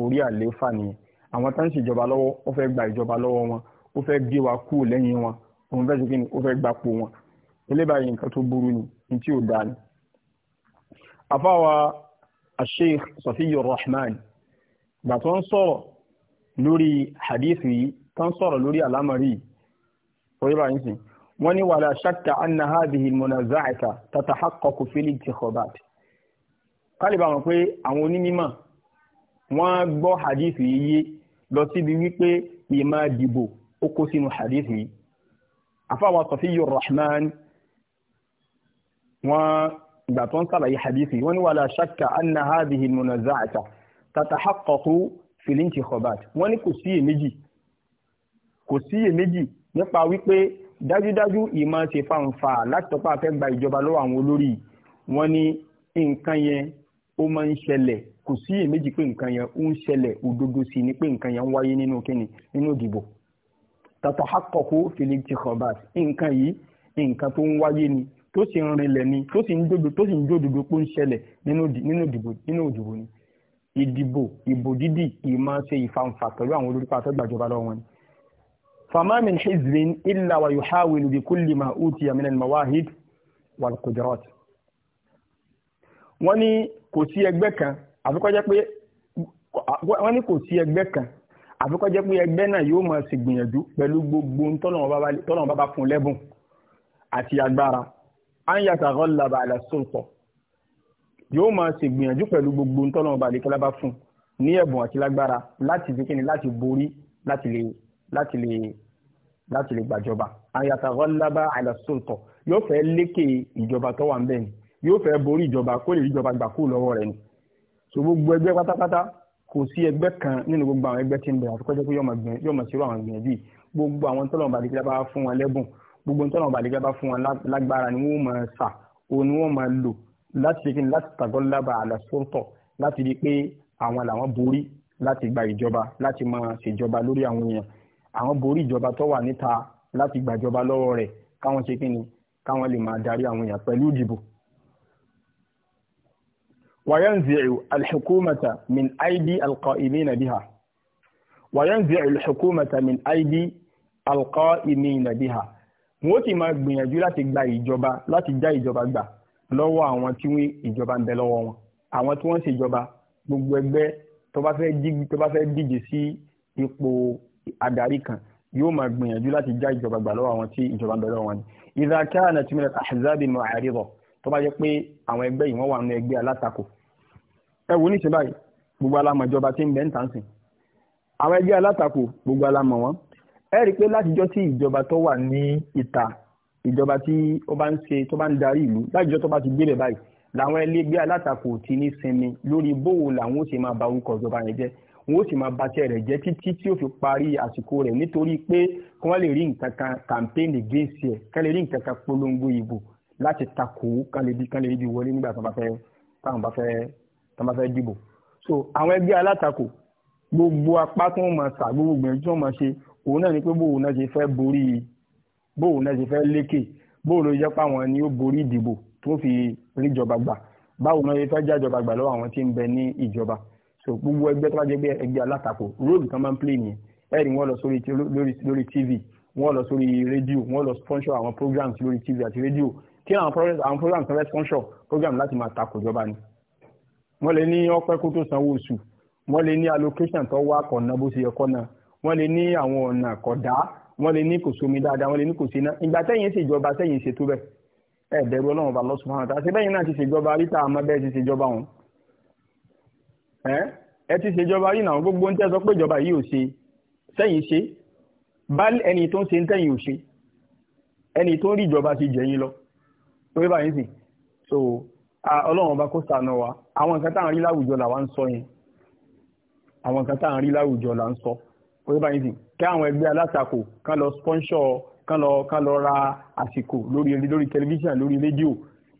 S1: orí àlééfà nìyẹn àwọn tó ń ṣèjọba lọ́wọ́ ó fẹ́ gba ìjọba lọ́wọ́ wọn ó fẹ́ gbé wa kú lẹ́yìn wọn òun fẹ́ ṣe kí ni ó fẹ́ gbapò wọn eléyìí nǹkan tó burú ni ní tí ò dáa ni. àfáwa asheikh Safiyyur Rahman gbà tó ń sọ̀rọ̀ lórí hadith yìí tó ń sọ̀rọ̀ lórí àlámọ̀rí yìí oyeba yín sìn wọ́n ní wàlá ṣáka anna hadhihi munazaata tatahaqqaqu fil intikhabat kálíbà mọ̀ pé àwọn onímọ̀ wọ́n gbọ́ hadith yìí yé lọ síbi wípé ìmọ̀ dìbò ó kó sínú hadith yìí afáwa Safiyyur Rahman wọ́n ìgbà tó ń sàlàyé hadith wọ́n ní wàlá ṣáka anna hadhihi munazaata tatahaqqaqu fil intikhabat wọ́n ní kò síyèméjì kò síyèméjì nípa wípé dájúdájú ìmọ̀ ṣe fàǹfà láti tọ́pá fẹ́ gba ìjọba lọ́wọ́ àwọn olórí wọn ní nǹkan yẹn ó máa ń ṣẹlẹ̀ kò sí èméjì pé nǹkan yẹn ń ṣẹlẹ̀ òdodo sí ni pé nǹkan yẹn ń wáyé nínú kíni nínú ìdìbò tàtọ̀ akọ̀kọ̀ philip tikhobas nǹkan yìí nǹkan tó ń wáyé ni tó sì ń rinlẹ̀ ni tó sì ń jódodo tó sì ń jódodo pé ń ṣẹlẹ̀ nínú ìdìbò nínú ìdìbò ni ìdìbò ìbò dídì ìmọ̀ ṣe ìfàǹfà pẹ̀lú àwọn olórí pàtó gbàjọba lọ́wọ́ wọn ni فما من حزب إلا ويحاول بكل ما أوتي من المواهب والقدرات wọ́n ní kò sí ẹgbẹ́ kan àfikọ́jẹ́ pé wọ́n ní kò sí ẹgbẹ́ kan àfikọ́jẹ́ pé ẹgbẹ́ náà yóò máa sì gbìyànjú pẹ̀lú gbogbo tọ́lọ́wọ́n bá bá fún lẹ́bùn àti agbára anyata rọ́làbà àlàsọ́tọ̀ yóò máa sì gbìyànjú pẹ̀lú gbogbo tọ́lọ́wọ́n bá lẹ́kẹ́lá bá fún ní ẹ̀bùn àti lágbára láti fi kíni láti borí láti lè láti lè gbàjọba àyàtàgọ́lábà àlàsùntọ̀ yóò fẹ́ lékè ìjọba tó wà nbẹ̀ ni yóò fẹ́ borí ìjọba kó lè rí ìjọba gbà kú lọ́wọ́ rẹ̀ ni so gbogbo ẹgbẹ́ pátápátá kò sí ẹgbẹ́ kan nínú gbogbo àwọn ẹgbẹ́ tí ń bẹ àti kọjá pé yọmọ sí àwọn gbìyànjú gbogbo àwọn tọ́lọ̀ bàdìgídá bá fún wọn lẹ́bùn gbogbo tọ́lọ̀ bàdìgídá bá fún wọn lágbára ni wọ́n máa sà òun ni wọ́n máa lò láti ṣe kí ni láti tàgọ́lábà àlàsùntọ̀ láti rí pé àwọn làwọn àwọn borí ìjọba tó wà níta láti gbàjọba lọ́wọ́ rẹ̀ káwọn ṣe kí ni káwọn lè máa darí àwọn èèyàn pẹ̀lú ìdìbò. وينزع الحكومة من أيدي القائمين بها وينزع الحكومة من أيدي القائمين بها wọ́n ti máa gbìyànjú láti gba ìjọba láti já ìjọba gbà lọ́wọ́ àwọn tí wọ́n ìjọba ń bẹ lọ́wọ́ wọn àwọn tí wọ́n ń ṣèjọba gbogbo ẹgbẹ́ tó bá fẹ́ díje sí ipò Agari kan yóò máa gbìyànjú láti já ìjọba gbà lọ́wọ́ àwọn tí ìjọba ń bẹ lọ́wọ́ wọn ni idha kanat min al-ahzab al-mu'arida tó bá jẹ́ pé àwọn ẹgbẹ́ yìí wọ́n wà nínú ẹgbẹ́ alátakò ẹ wò ní ìṣe báyìí gbogbo alamọ̀ ìjọba tí ń bẹ ń tàn sìn àwọn ẹgbẹ́ alátakò gbogbo alamọ̀ wọn ẹ rí i pé látijọ́ tí ìjọba tó wà ní ìta ìjọba tí ó bá ń ṣe tó bá ń darí ìlú látijọ́ tó bá ti gbélé báyìí làwọn ẹlẹgbẹ́ alátakò ti ní sinmi lórí bóòwò làwọn ó ṣe máa ba orúkọ ìjọba yẹn jẹ́ wọn ó sì máa bàtẹ rẹ̀ jẹ́ títí tí ó fi parí àsìkò rẹ̀ nítorí pé kí wọ́n lè rí nǹkan kan campaign against ẹ̀ kí wọ́n lè rí nǹkan kan polongo ìbò láti takò kí wọ́n lè bí kí wọ́n lè bí wọlé nígbà tí wọ́n bá fẹ́ táwọn bá fẹ́ táwọn bá fẹ́ dìbò so àwọn ẹgbẹ́ alátakò gbogbo apá tí wọ́n máa sà gbogbo ìgbìyànjú tí wọ́n máa ṣe òun náà ni pé bóun náà ṣe fẹ́ borí bóun náà ṣe fẹ́ lékè bóun ló jẹ́ pé àwọn ni ó borí ìdìbò tó fi ríjọba gbà báwo náà ṣe fẹ́ jájọba gbà lọ́wọ́ àwọn tí ń bẹ ní ìjọba so gbogbo ẹgbẹ́ tó bá jẹ́ ẹgbẹ́ alátakò róòlù kan máa ń play nìyẹn ẹ̀rì wọ́n lọ sórí lórí tv wọ́n lọ sórí rédíò wọ́n lọ sponsor àwọn programs lórí tv àti rédíò kí àwọn programs kan fẹ́ sponsor program láti máa takò ìjọba ni wọ́n lè ní ọpẹ́ kó tó sanwó oṣù wọ́n lè ní allocation tó wá kọ̀ọ̀nà bó ṣe yẹ kọ́nà wọ́n lè ní àwọn ọ̀nà kọ̀dá wọ́n lè ní kò sómi dáadáa wọ́n lè ní kò sí iná ìgbà tẹ́yìn ṣèjọba tẹ́yìn ṣètò bẹ́ẹ̀ ẹ̀ bẹ̀rù ọlọ́run bá lọ́sùn fún àwọn àtàwọn ṣe bẹ́yìn náà ti ṣèjọba ríta ẹ ti ṣèjọba yìí náà gbogbo ń tẹ́sọ pé ìjọba yìí ò ṣe sẹ́yìn ṣe bá ẹni tó ń ṣe ń tẹ́yìn ò ṣe ẹni tó ń rí ìjọba ti jẹ̀yìn lọ pé báyìí sì so ọlọ́run ọba kó ṣàánú wa àwọn nǹkan tá à ń rí láwùjọ làwa ń sọ yẹn àwọn nǹkan tá à ń rí láwùjọ là ń sọ pé báyìí sì kí àwọn ẹgbẹ́ alátakò kán lọ sponsor kán lọ kán lọ ra àsìkò lórí lórí tẹlifíṣàn lórí rédíò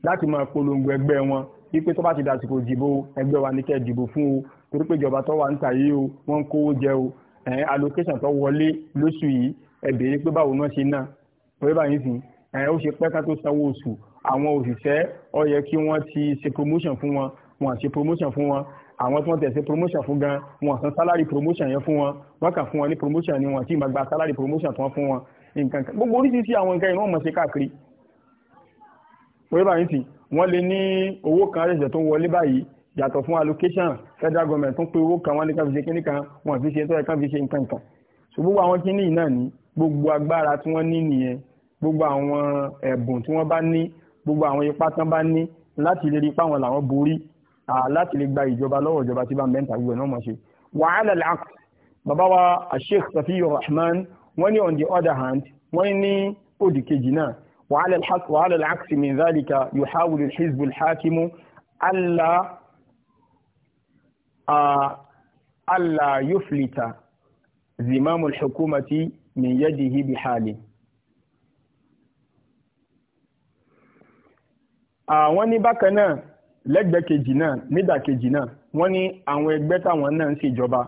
S1: láti máa polongo ẹgbẹ́ wọn wípé tó bá ti dàsìkò dìbò ẹgbẹ́ wa ní kẹ́ dìbò fún o torí pé ìjọba tó wà ń ta yìí o wọ́n ń kówó jẹ o ẹ̀ẹ́n allocation tó wọlé lóṣù yìí ẹ pé báwo náà ṣe náà pẹ̀lú báyìí sìn ẹ̀ẹ́n ó ṣe pẹ́ ká tó sanwó oṣù àwọn òṣìṣẹ́ ó yẹ kí wọ́n ti ṣe promotion fún wọn wọn ṣe promotion fún wọn àwọn tí wọ́n tẹ̀ ṣe promotion fún gan wọn san salary promotion yẹn fún wọn wọ́n kà fún wọn ní promotion ni wọn tí máa salary promotion tí wọ́n fún wọn nǹkan kan gbogbo oríṣiríṣi àwọn nǹkan yìí wọ́n mọ̀ ṣe káàkiri pẹ̀lú báyìí sìn wọ́n lè ní owó kan ṣẹ̀ṣẹ̀ tó wọlé báyìí yàtọ̀ fún allocation federal government tó ń pe owó kan wọ́n ní ká fi ṣe kíní kan wọ́n fi ṣe tó yẹ ká fi ṣe nǹkan kan ṣùgbọ́n àwọn kíní yìí náà ní gbogbo agbára tí wọ́n ní nìyẹn gbogbo àwọn ẹ̀bùn tí wọ́n bá ní gbogbo àwọn ipá tán bá ní láti lè rí ipá wọn làwọn borí láti lè gba ìjọba lọ́wọ́ ìjọba tí bá mẹ́ta gbogbo ẹ̀ náà mọ̀ ṣe. wàhálà làákù wa Sheikh Safiur Rahman wọ́n on the other hand wọ́n ní òdì وعلى الحق وعلى العكس من ذلك يحاول الحزب الحاكم ألا ألا يفلت زمام الحكومة من يده بحاله àwọn ní bákan náà lẹ́gbẹ́ kejì náà nídà kejì náà wọ́n ní àwọn ẹgbẹ́ táwọn náà ń ṣèjọba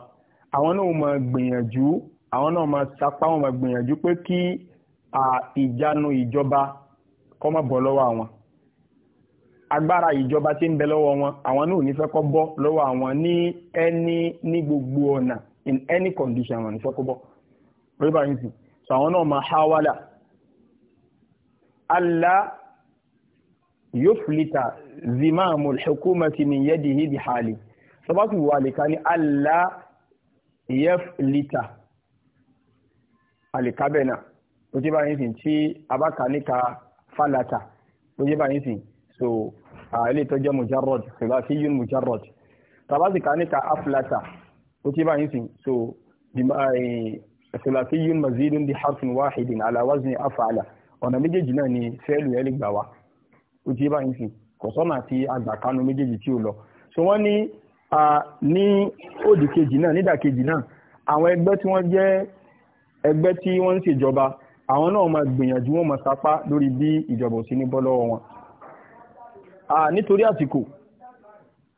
S1: àwọn náà máa gbìyànjú àwọn náà máa sapá wọn máa gbìyànjú pé kí ìjánu ìjọba kó má bọ́ lọ́wọ́ àwọn agbára ìjọba tí ń bẹ lọ́wọ́ wọn àwọn náà ò ní fẹ́ kó bọ́ àwọn ní ẹni ní gbogbo ọ̀nà in any condition àwọn ò ní fẹ́ kó bọ́ orí bá yín sí so àwọn náà máa há wálà alla yuflita zimamul hukumati min yadihi bi hali sabatu wa alikani alla yuflita alikabena ó ti báyìí sìn tí abáka níka falata ó ti báyìí sìn so ilé ìtọ́jọ́ mujarrod sèlásí yun mujarrod tàbátì ká níka aflata ó ti báyìí sìn so sèlásí yun mazidun bi harfin wahidin ala wazni afala ọ̀nà méjèèjì jina ni fẹ́ẹ̀lù ẹ̀ lè gbà wá ó ti báyìí sìn kọ̀sọ́nà àti àgbàkánu méjèèjì tí ó lọ so wọ́n ní ní òdìkejì náà nídàkejì náà àwọn ẹgbẹ́ tí wọ́n jẹ́ ẹgbẹ́ tí wọ́n ń ṣèjọba àwọn náà máa gbìyànjú wọn máa sapá lórí bí ìjọba òsì ní bọ́ lọ́wọ́ wọn nítorí àsìkò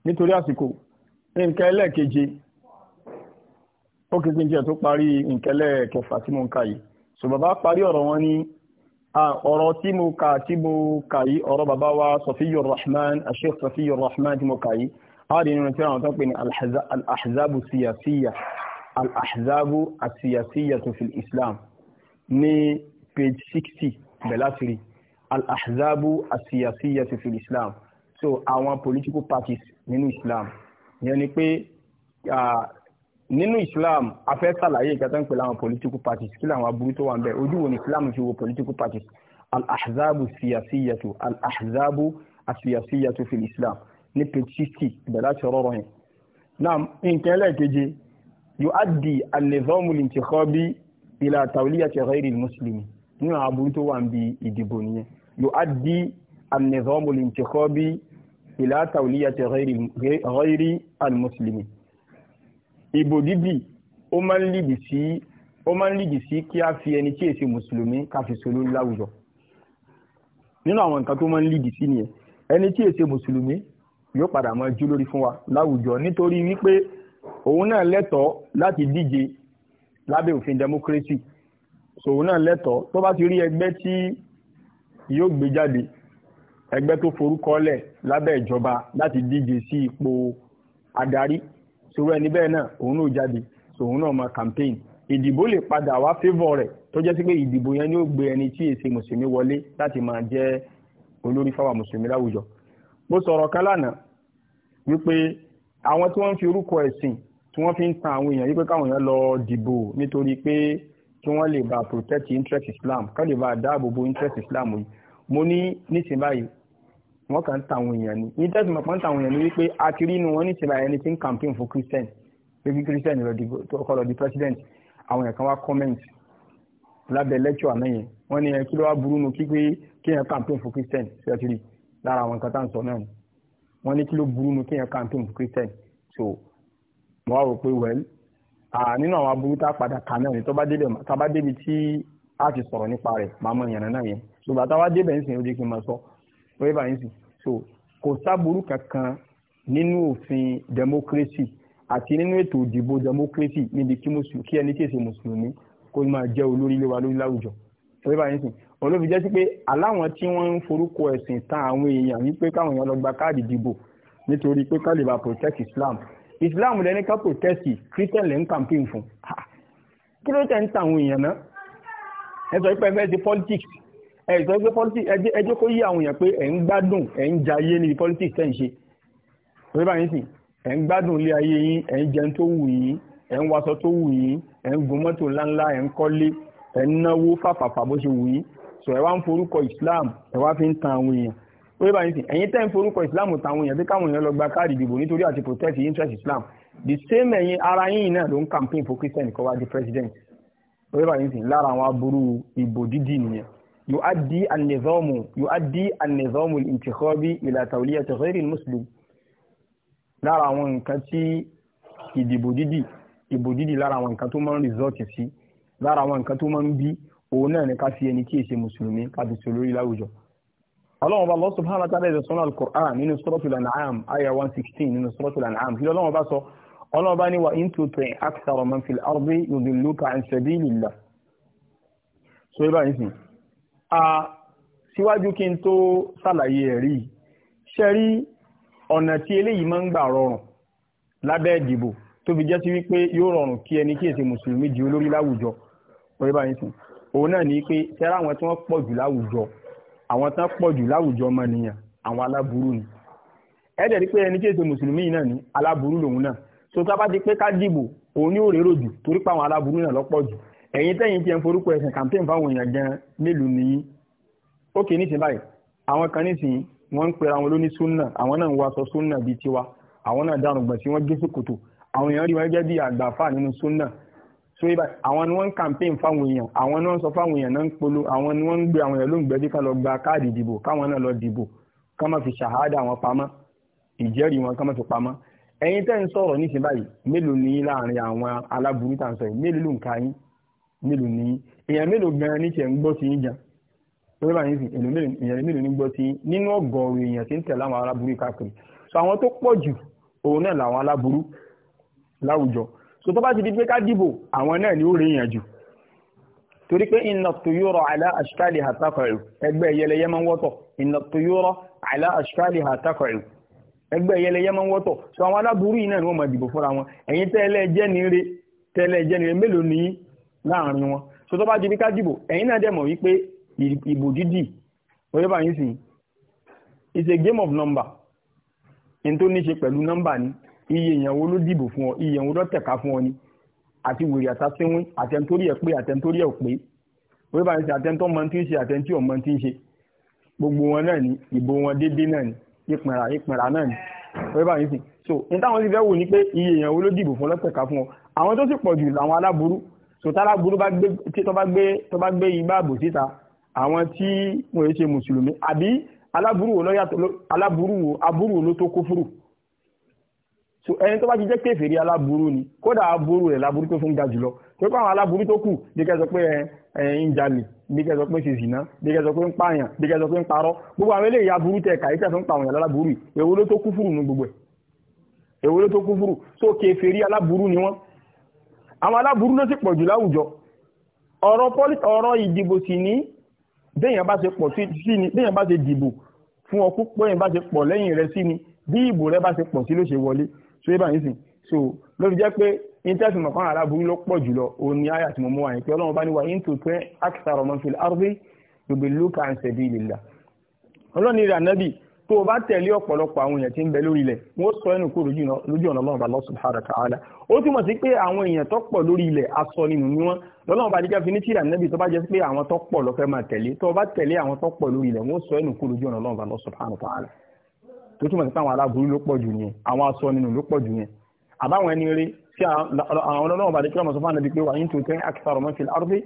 S1: nítorí àsìkò nǹkan ẹlẹ́ẹ̀keje ó kí pínjẹ́ tó parí nǹkan ẹlẹ́ẹ̀kẹfà tí mo ń ka yìí so bàbá parí ọ̀rọ̀ wọn ní ọ̀rọ̀ tí mo kà tí mo kà yìí ọ̀rọ̀ bàbá wa Safiyur Rahman Sheikh Safiyur Rahman tí mo kà yìí ààrẹ nínú tí àwọn tó pè ní al siyasiya al asiyasiya tó fi Islam ní page sixty belasiri al-ahzabu asiyasiya ti fi islam so àwọn political parties nínú islam yẹn ni pé nínú islam a fẹ́ ṣàlàyé ìkẹta ń pè láwọn political parties kí làwọn aburú tó wà ń bẹ ojú wo ni islam fi wo political parties al-ahzabu siyasiyatu al-ahzabu asiyasiya asiyasiyatu fi islam ní page sixty belasiri rọrọ yẹn. naam nǹkan ẹlẹ́ẹ̀keje yuaddi al-nizamu lintikhabi ila tawliyati ghayril muslimi ni àbúrú tó wà ń bi ìdìbò nìyẹn yuaddi an-nizamu al-intikhabi ila tawliyati ghayril muslimi ìbò dídì ó máa ń lìdì sí ó máa ń lìdì sí kí a fi eni tí èsì mùsùlùmí ká fi sọ lórí láwùjọ nínú àwọn nǹkan tó máa ń lìdì sí nìyẹn ẹni tí èsì mùsùlùmí yóò padà máa jó lórí fún wa láwùjọ nítorí wípé òun náà lẹ́tọ̀ọ́ láti díje lábẹ́ òfin democracy sòwò náà lẹ́tọ̀ọ́ tó bá ti rí ẹgbẹ́ tí yóò gbé jáde ẹgbẹ́ tó forúkọlẹ̀ lábẹ́ ìjọba láti díje sí ipò adarí sòwò ẹni bẹ́ẹ̀ náà òun náà jáde sòwò náà máa campaign ìdìbò lè padà wá favour rẹ̀ tó jẹ́ sí pé ìdìbò yẹn ni ó gbé ẹni tí èsì mùsùlùmí wọlé láti máa jẹ́ olórí fáwọn mùsùlùmí láwùjọ mo sọ̀rọ̀ kan wípé àwọn tí wọ́n ń fi orúkọ ẹ̀sìn tí wọ́n fi ń tan àwọn èèyàn yìí pé káwọn èèyàn lọ dìbò nítorí pé kí wọ́n lè bá protect interest Islam ká lè bá dáàbò bo interest Islam yìí mo ní nísìnyí báyìí wọ́n kàn ń tan àwọn èèyàn ni interest tẹ́sí mọ̀ ń tan àwọn èèyàn ni wípé a ti rí inú wọn nísìnyí báyìí ẹni tí ń campaign fún Christian pé kí Christian lọ dìbò kọ́ lọ di president àwọn èèyàn kan wá comment lábẹ́ lecture àná yẹn wọ́n ní kí ló wá burú nu kí kí èèyàn campaign fún Christian ṣẹ́tìrì lára àwọn nǹkan tá à ń sọ náà wọ́n ní kí ló burú nu kí èèyàn campaign fún Christian so mo wá rò pé wẹ́l nínú àwọn aburú tá a padà kà náà ni tó bá débi tí a ti sọ̀rọ̀ nípa rẹ̀ máa mọ ìyànnà náà yẹn ṣùgbọ́n táwa débẹ̀ ń sìn ó jẹ́ kí n máa sọ wẹ́ẹ́ bá ń sìn so kò sáburú kankan nínú òfin democracy àti nínú ètò ìdìbò democracy níbi kí ẹni tí èsè mùsùlùmí kó máa jẹ́ olórí ilé wa lórí láwùjọ wẹ́ẹ́ bá ń sìn wọn ló fi jẹ́ sí pé aláwọn tí wọ́n ń forúkọ ẹ̀sìn tán àwọn èèyàn wípé káwọn èèyàn lọ gba káàdì ìdìbò nítorí pé ká lè bá protect Islam islam lẹni ká protesti christian lẹ ń campaign fún kí ló tẹ̀ ń ta àwọn èèyàn náà ẹ sọ pé ẹ fẹ́ ṣe politics ẹ sọ pé politics ẹ jẹ́ kó yí àwọn èèyàn pé ẹ̀ ń gbádùn ẹ̀ ń jayé níbi politics tẹ̀ ń ṣe òye báyìí sì ẹ̀ ń gbádùn ilé ayé yín ẹ̀ ń jẹun tó wù yín ẹ̀ ń waṣọ tó wù yín ẹ̀ ń gun mọ́tò ńláńlá ẹ̀ ń kọ́lé ẹ̀ ń náwó fàfàfà bó ṣe wù yín sọ ẹ wá ń forúkọ islam ẹ wá fi ń tan àwọn èèyàn wọ́n bá yín sìn ẹ̀yin tẹ́ ń forúkọ islam táwọn èèyàn bí káwọn èèyàn lọ gba káàdì ìdìbò nítorí àti protect interest islam the same ẹ̀yin ara yín náà ló ń campaign for christian kọ́ di president wọ́n bá yín sìn lára àwọn aburú ìbò dídì nìyẹn yóò á di an-nizamu yóò á di an-nizamu al-intikhabi muslim lára àwọn nǹkan tí ìdìbò dídì ìbò dídì lára àwọn nǹkan tó máa ń result sí lára àwọn nǹkan tó máa ń bí òun náà ni ká fi ẹni tí èsè mùsùlùmí ká fi sọ lórí láwùjọ ọlọ́run bá Allah subhanahu wa ta'ala ẹ̀sẹ̀ sọ́nà al-Qur'an nínú Suratul An'am aya 116 nínú Suratul An'am kí ọlọ́run bá sọ ọlọ́run bá ní wa in tuti' akthara man fil ardi yudilluka an sabilillah so ibà yìí sìn a síwájú kí n tó ṣàlàyé ẹ̀rí ṣe rí ọ̀nà tí eléyìí máa ń gbà rọrùn lábẹ́ ìdìbò tó fi jẹ́ sí wípé yóò rọrùn kí ẹni kí èsì mùsùlùmí di olórí láwùjọ so àwọn tán pọ̀ jù láwùjọ ọmọnìyàn àwọn aláburú ni ẹ̀ẹ́dẹ̀ rí pé ẹni tí èso mùsùlùmí náà ní aláburú lòun náà so tá a bá ti pé ká dìbò òun ní òrérò jù torí pé àwọn aláburú náà lọ́pọ̀ jù ẹ̀yin tẹ́yìn tí ẹ ń forúkọ ẹ̀sìn campaign fáwọn èèyàn gan mélòó nìyí ó kè nísìnyí báyìí àwọn kan nísìnyí wọ́n ń pera wọn lóní súnà àwọn náà ń wọ aṣọ súnà bíi tiwa àwọn náà dárùn gbọ̀n sí wọ́n gé sókòtò àwọn èèyàn rí wọn gẹ́gẹ́ bíi àgbàfà nínú súnà so ibà àwọn ni wọ́n ń campaign fáwọn èèyàn àwọn ni wọ́n ń sọ fáwọn èèyàn náà ń polo àwọn ni wọ́n ń gbé àwọn èèyàn ló ń gbẹ́jú ká lọ gba káàdì ìdìbò káwọn náà lọ dìbò ká má fi ṣàhádà wọn pamọ́ ìjẹ́rìí wọn ká má fi pamọ́ ẹ̀yin tẹ́ ń sọ̀rọ̀ níṣẹ́ báyìí mélòó ní láàrin àwọn aláburú tá à ń sọ yìí mélòó ló ń ka yín mélòó ní èèyàn mélòó gan-an níṣẹ́ ń gbọ́ sí yín gan lórí báyìí sì èèyàn mélòó so tó bá ti di pé ká dìbò àwọn náà ni ó rí ìyànjú torí pé iná tuyúrọ̀ àlá àṣìkáàlì àtàkọ̀rù ẹgbẹ́ ẹyẹlẹyẹ máa ń wọ́tọ̀ iná tuyúrọ̀ àlá àṣìkáàlì àtàkọ̀rù ẹgbẹ́ ẹyẹlẹyẹ máa ń wọ́tọ̀ so àwọn aláburú yìí náà ni wọ́n máa dìbò fúnra wọn ẹ̀yin tẹ́lẹ̀ jẹ́ ni re tẹ́lẹ̀ jẹ́ ni re mélòó ni láàrin wọn so tó bá di bí ká dìbò ẹ̀yin náà dẹ̀ mọ̀ wípé ìbò dídì oyè bá yín sìn it's a game of number iye èèyàn wo ló dìbò fún ọ iye èèyàn wo ló tẹ̀ka fún ọ ni àti wèrè àtàsíwín àtẹnitórí ẹ̀ pé àtẹnitórí ẹ̀ ò pé wọ́n bá ń ṣe àtẹnitọ́ mọ tí ń ṣe àtẹnití ò mọ tí ń ṣe gbogbo wọn náà ni ìbò wọn déédéé náà ni ìpìnrà ìpìnrà náà ni wọ́n bá ń sìn so ní táwọn ti fẹ́ wò ni pé iye èèyàn wo ló dìbò fún ọlọ́pẹ̀ka fún ọ àwọn tó sì pọ̀ jù làwọn aláburú so táláburú bá gbé tí tó bá gbé tó bá gbé igbá tí wọ́n so ẹni tó bá ti jẹ́ kèfèrí aláburú ni kódà aburú rẹ̀ láburú tó fún ga jùlọ tó kọ́ àwọn aláburú tó kù bí kẹ́ sọ pé ẹ ń jalè bí kẹ́ sọ pé ṣe zìnà bí kẹ́ sọ pé ń pààyàn bí kẹ́ sọ pé ń parọ́ gbogbo àwọn eléyìí aburú tẹ kàyí tẹ̀ fún pàwọn yàrá aláburú èwo ló tó kú fúrù nu gbogbo ẹ̀ èwo ló tó kú fúrù so kèfèrí aláburú ni wọ́n àwọn aláburú ló sì pọ̀ jù láwùjọ ọ̀rọ̀ pọ́lítì ọ̀rọ̀ ìdìbò sì ní béèyàn bá ṣe pọ̀ sí ni béèyàn bá ṣe dìbò fún ọkú pé èèyàn bá so yé báyìí sìn so lórí jẹ́ pé interest mọ̀kàn aláburú ló pọ̀ jùlọ òun ni àyà tí mo mú wa yẹn pé ọlọ́run bá ní wa yín tó pé akthara man fil ardi yudilluka an sabilillah ọlọ́run ìrìn ànábì tó o bá tẹ̀lé ọ̀pọ̀lọpọ̀ àwọn èèyàn tí ń bẹ lórí ilẹ̀ wọ́n sọ ẹnu kó lójú ọ̀nà ọlọ́run Allah subhanahu wa ta'ala ó túmọ̀ sí pé àwọn èèyàn tó pọ̀ lórí ilẹ̀ aṣọ nínú ni wọ́n lọ́lọ́run bá dígbà fi ní tíra tó bá jẹ́ pé àwọn tó pọ̀ ló máa tẹ̀lé tó o bá tẹ̀lé àwọn tó pọ̀ lórí ilẹ̀ wọ́n sọ ẹnu kó lójú ọ̀nà ọlọ́run Allah subhanahu wa ta'ala tó túmọ̀ sí pé àwọn aláburú ló pọ̀ jù yẹn àwọn aṣọ nínú ló pọ̀ jù yẹn àbáwọn ẹni rí tí àwọn ọlọ́run bá dékìlá mọ̀sánfà náà bí pé wà ní tòótọ́ akitaro mọ́ fìlà arúgbé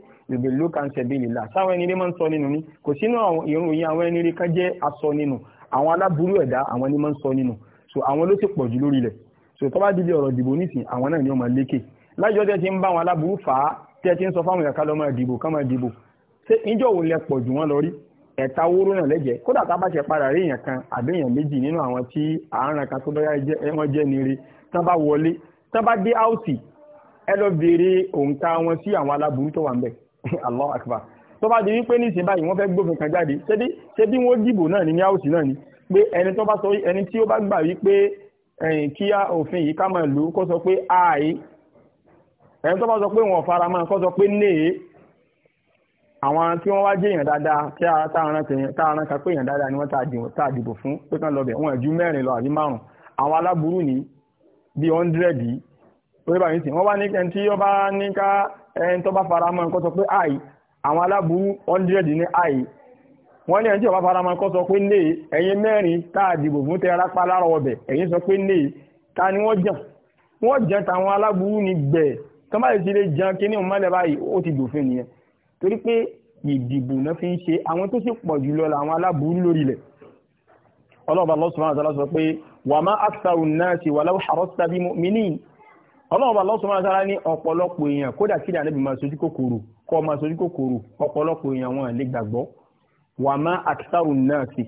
S1: ló kà ń ṣẹ̀bi ìlà sáwọn ẹni rí máa ń sọ nínú ni kò sínú ìròyìn àwọn ẹni rí ká jẹ́ aṣọ nínú àwọn aláburú ẹ̀dá àwọn ẹni máa ń sọ nínú so àwọn ló sì pọ̀ jù lórí rẹ̀ so tó bá dìde ọ̀rọ̀ ìdìbò nísìn àwọn náà ni wọ́n máa lékè lájọ́ tẹ́ ti ń bá àwọn aláburú fà á tẹ́ ti ń sọ fáwọn ìyàkálọ́mọ ìdìbò ká máa dìbò ṣé ìjọ́ òun lẹ pọ̀ jù wọ́n lọ rí ẹ̀ta owó ròyàn lẹ́jẹ̀ kódà tá a bá ṣe padà rí èèyàn kan àbí èèyàn méjì nínú àwọn tí àárín kan tó bẹ́yà wọ́n jẹ́ nire tán bá wọlé tán bá dé áùsì ẹ lọ béèrè òǹkà wọn sí àwọn aláburú tó wà ń bẹ̀ allah akbar tó bá di wípé nísìnyí báyìí wọ́n fẹ́ gbófin kan jáde ṣebí ṣebí wọ́n dìbò náà ní ní áùsì náà ni pé ẹni tó bá sọ ẹni tí ó bá gbà wípé kí òfin yìí ká máa lù kó sọ pé àì ẹni tó bá sọ pé wọn ò fara máa kó sọ pé nee àwọn tí wọ́n wá jẹ́ èèyàn dáadáa tí táàrán kan pé èèyàn dáadáa ni wọ́n tá àdìbò fún pé kán lọ bẹ̀ wọ́n ju mẹ́rin lọ àbí márùn àwọn aláburú ní bíi hundred yìí pé báyìí sì wọ́n bá ní ẹni tí ó bá ní ká ẹni tó bá fara mọ́ nǹkan sọ pé àì àwọn aláburú hundred ní àì wọ́n ní ẹni tí ó bá fara mọ́ nǹkan sọ pé lè ẹ̀yin mẹ́rin tá àdìbò fún tẹ arápá lára ọbẹ̀ ẹ̀yin sọ pé lè ta ni wọ́n jàn wọ́n jàn táwọn aláburú ní gbẹ̀ẹ́ tó torí pé ìdìbò náà fi ń ṣe àwọn tó sì pọ̀ jùlọ làwọn aláburú lórí ilẹ̀ ọlọ́ọ̀bà Allah subhanahu wa ta'ala sọ pé wa ma aktharu an-nasi walau harasta bi mu'minin ọlọ́ọ̀bà Allah subhanahu wa ta'ala ní ọ̀pọ̀lọpọ̀ èèyàn kódà ni ànábì máa sojú kòkòrò kọ́ máa sojú kòkòrò ọ̀pọ̀lọpọ̀ èèyàn wọn lè gbàgbọ́ wa ma aktharu an-nasi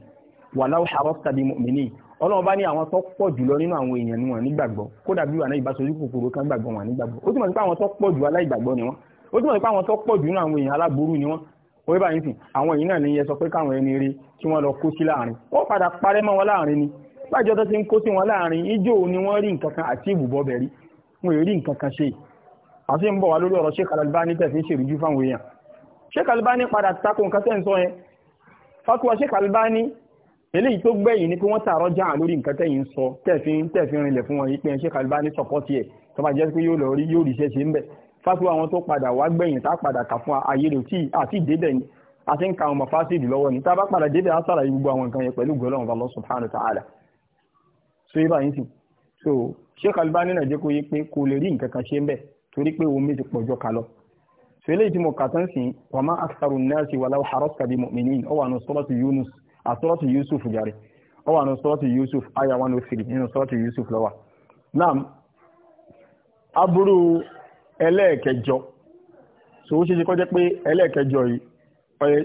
S1: walau harasta bi mu'minin ọlọ́ọ̀bá ní àwọn tó pọ̀ jùlọ nínú àwọn èèyàn ni wọn nígbàgbọ́ kódà bí wà náà ìbá kòkòrò kan gbàgbọ́ wọn nígbàgbọ́ ó túmọ̀ sí pé àwọn tó pọ̀ jù aláìgbàgbọ́ ni wọn ó túmọ̀ nípa àwọn tó pọ̀ jù nínú àwọn èèyàn aláburú ni wọ́n wọ́n bá yín sìn àwọn èyí náà ní yẹ sọ pé káwọn ẹni rí kí wọ́n lọ kó sí láàrin ó padà parẹ́ mọ́ wọn láàrin ni bájọ́ tó ti ń kó sí wọn láàrin ijó ni wọ́n rí nǹkan kan àti ìbùbọ́ bẹ̀ rí wọn ò rí nǹkan kan ṣe àti ń bọ̀ wá lórí ọ̀rọ̀ Sheikh Al-Albani tẹ̀sí ṣèrìjú fáwọn èèyàn Sheikh al padà tako nǹkan tẹ́ ń sọ yẹn fatuwa Sheikh al eléyìí tó gbẹ̀yìn ni pé wọ́n tààrọ̀ já lórí nǹkan tẹ́yìn sọ tẹ̀fín tẹ̀fín rinlẹ̀ fún wọn yìí pé Sheikh Al-Albani tiẹ̀ tó jẹ́ pé yóò lọ rí yóò ríṣẹ́ ṣe ń bẹ̀ fásitì àwọn tó padà wá gbẹ̀yìn tá a padà kà fún ayélu tí ni a ti ń ka àwọn mafásitì lọ́wọ́ ni tá a bá padà débẹ̀ á sàlàyé gbogbo àwọn nǹkan yẹn pẹ̀lú gọlọ́run Allah subhanahu wa ta'ala so yíba yín sìn so Sheikh Albani náà jẹ́ kó yé pé kò lè rí nǹkan kan ṣe ń bẹ̀ torí pé omi ti pọ̀ jọ so eléyìí tí mo wà wà Yusuf ẹlẹ́ẹ̀kẹjọ so ó ṣeéṣe kó jẹ́ pé ẹlẹ́ẹ̀kẹjọ yìí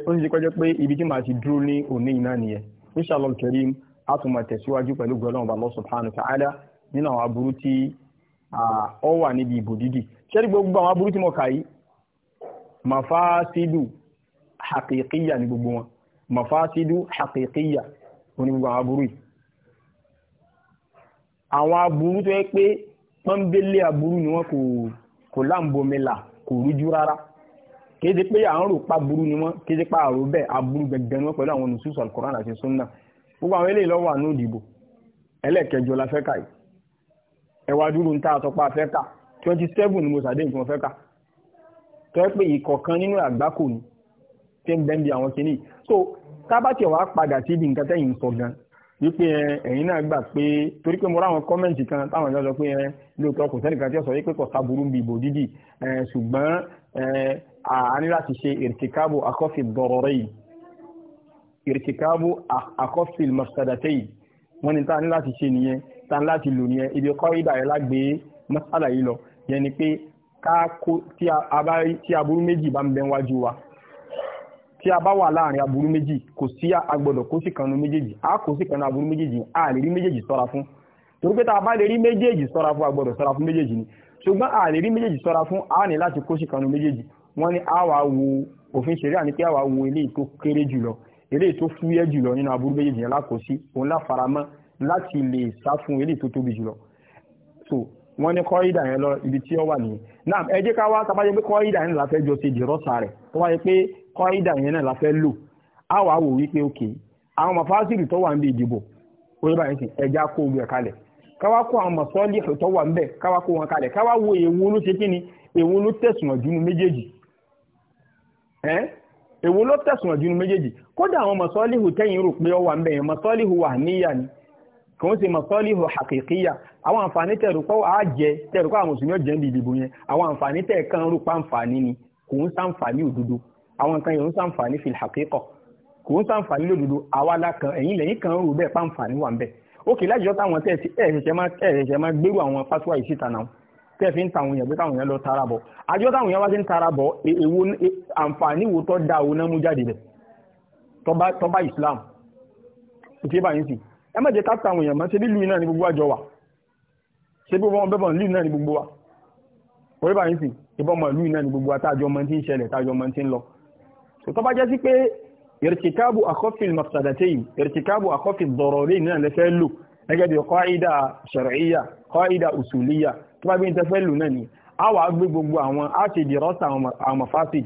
S1: ó ṣeéṣe kó jẹ́ pé ibi tí màá ti dúró ní òní iná nìyẹn inshallah karim a tún máa tẹ̀síwájú pẹ̀lú gbọ́dọ̀ ọba Allah subhanahu wa ta'ala nínú àwọn aburú tí ó wà níbi ìbò dídì ṣé gbogbo àwọn aburú tí mo kà yìí mafasidu haqiqiyya ni gbogbo wọn mafasidu haqiqiyya ni gbogbo àwọn aburú yìí àwọn aburú tó yẹ pé pọ́nbélé aburú ni wọ́n kò kò láǹbomilà kò rújú rárá kéde pé à ń rò pa burú ni wọ́n kéde pa àrò bẹ́ẹ̀ aburú gbẹgbẹrún wọn pẹ̀lú àwọn olùsùsù alukoran àti sunna gbogbo àwọn eléyìí lọ́wọ́ àánú ìdìbò ẹlẹ́ẹ̀kẹjọ la fẹ́ kà yìí ẹwà dúró ń tà àtọ́pá fẹ́ kà twenty seven ni mo sàdé nǹkan fẹ́ kà tọ́ pé ìkọ̀kan nínú àgbákò ni tí ń bẹ́ẹ̀ bí àwọn kìíní so tábàtì wàá padà síbi nǹkan tẹ́yìn sọ gan-an wípé eh, ẹ̀yin náà gbà pé torí pé mo ráwọn kọ́mẹ̀ntì kan táwọn ìjọ sọ pé ẹ eh, lóòótọ́ kò sẹ́nìkan tí ó sọ wípé kò sábúrú ń bi ìbò dídì eh, ṣùgbọ́n a ní láti ṣe ìrìkìkábù àkọ́fì dọ̀rọ̀rẹ́ yìí ìrìkìkábù àkọ́fì mọ̀sádàtẹ́ yìí wọ́n ní táà ní láti ṣe nìyẹn táà ní láti lò nìyẹn ibi kọ́ ìdà ẹ̀ lágbé mọ́sálà yìí lọ yẹn ni pé ká kó tí aburú méjì bá ń bẹ wa tí a bá wà láàrin aburú méjì kò sí agbọ́dọ̀ kó sí kanu méjèèjì a kò sí kanu aburú méjèèjì a lè rí méjèèjì sọ́ra fún torí pé tá a bá lè rí méjèèjì sọ́ra fún agbọ́dọ̀ sọ́ra fún méjèèjì ni ṣùgbọ́n a lè rí méjèèjì sọ́ra fún a ní láti kó sí kanu méjèèjì wọ́n ní a wà wo òfin ṣeré àní pé a wà wo eléyìí tó kéré jùlọ eléyìí tó fúyẹ́ jùlọ nínú aburú méjèèjì yẹn lákòósí òun láfaramọ́ láti lè sá fún eléyìí tó tóbi jùlọ so wọ́n ní kọ́ídà yẹn lọ ibi tí ó wà nìyẹn náà ẹ jẹ́ ká wá tá a jẹ́ pé kọ́ídà yẹn là fẹ́ jọ ṣe dìrọ́sà rẹ̀ tó wáyé pé kọ́ ìdà yẹn náà la fẹ́ lò á wà wò wípé òkè àwọn mafásìlì tó wà ń bí ìdìbò orí báyìí sì ẹja kó ogun kalẹ̀ káwá kó àwọn mọ̀sọ́lì tó wà ń bẹ̀ káwá kó wọn kalẹ̀ káwá wo èwo ló ṣe kíni èwo ló tẹ̀sùn ọ̀dúnú méjèèjì èwo ló tẹ̀sùn ọ̀dúnú méjèèjì kódà àwọn tẹ́yìn rò pé ń bẹ̀ yẹn ni kò ń àwọn nǹkan yìí ń sàǹfààní fi hàkíkọ̀ kò ń sàǹfààní lòdòdó àwa lákan ẹ̀yìn lẹ́yìn kan rò bẹ́ẹ̀ pàǹfààní wà ń bẹ̀ ókè lájọ́ táwọn tẹ̀ ẹ̀ṣẹ̀ṣẹ̀ máa gbérù àwọn pásítọ̀ yìí síta náà tẹ́ fi ń tàwọn èèyàn pé táwọn èèyàn lọ tara bọ̀ àjọ táwọn èèyàn wá sí ń tara bọ̀ èwo e, e, àǹfààní wo tó da òun náà mú jáde bẹ̀ tó bá Islam ìṣe báyìí sì ẹ má jẹ́ ká tàwọn èèyàn mọ́ ṣe bí lùú náà ní gbogbo àjọ wa ṣe bí wọ́n bẹ́bọ̀ lùú náà ní gbogbo wa orí báyìí sì ìbọn mọ̀ lùú náà ní gbogbo wa tájọ mọ́ ti ń ṣẹlẹ̀ tájọ mọ́ ti ń lọ so tó bá jẹ́ sí pé irtikabu akhafil mafsadatayn irtikabu akhafil dararayn náà lẹ́fẹ́ lò gẹ́gẹ́ bí qaida shar'iyya qaida usuliyya tó bá bí n tẹ́fẹ́ lò náà ni a wà gbé gbogbo àwọn a ṣe dirasa àwọn mafasid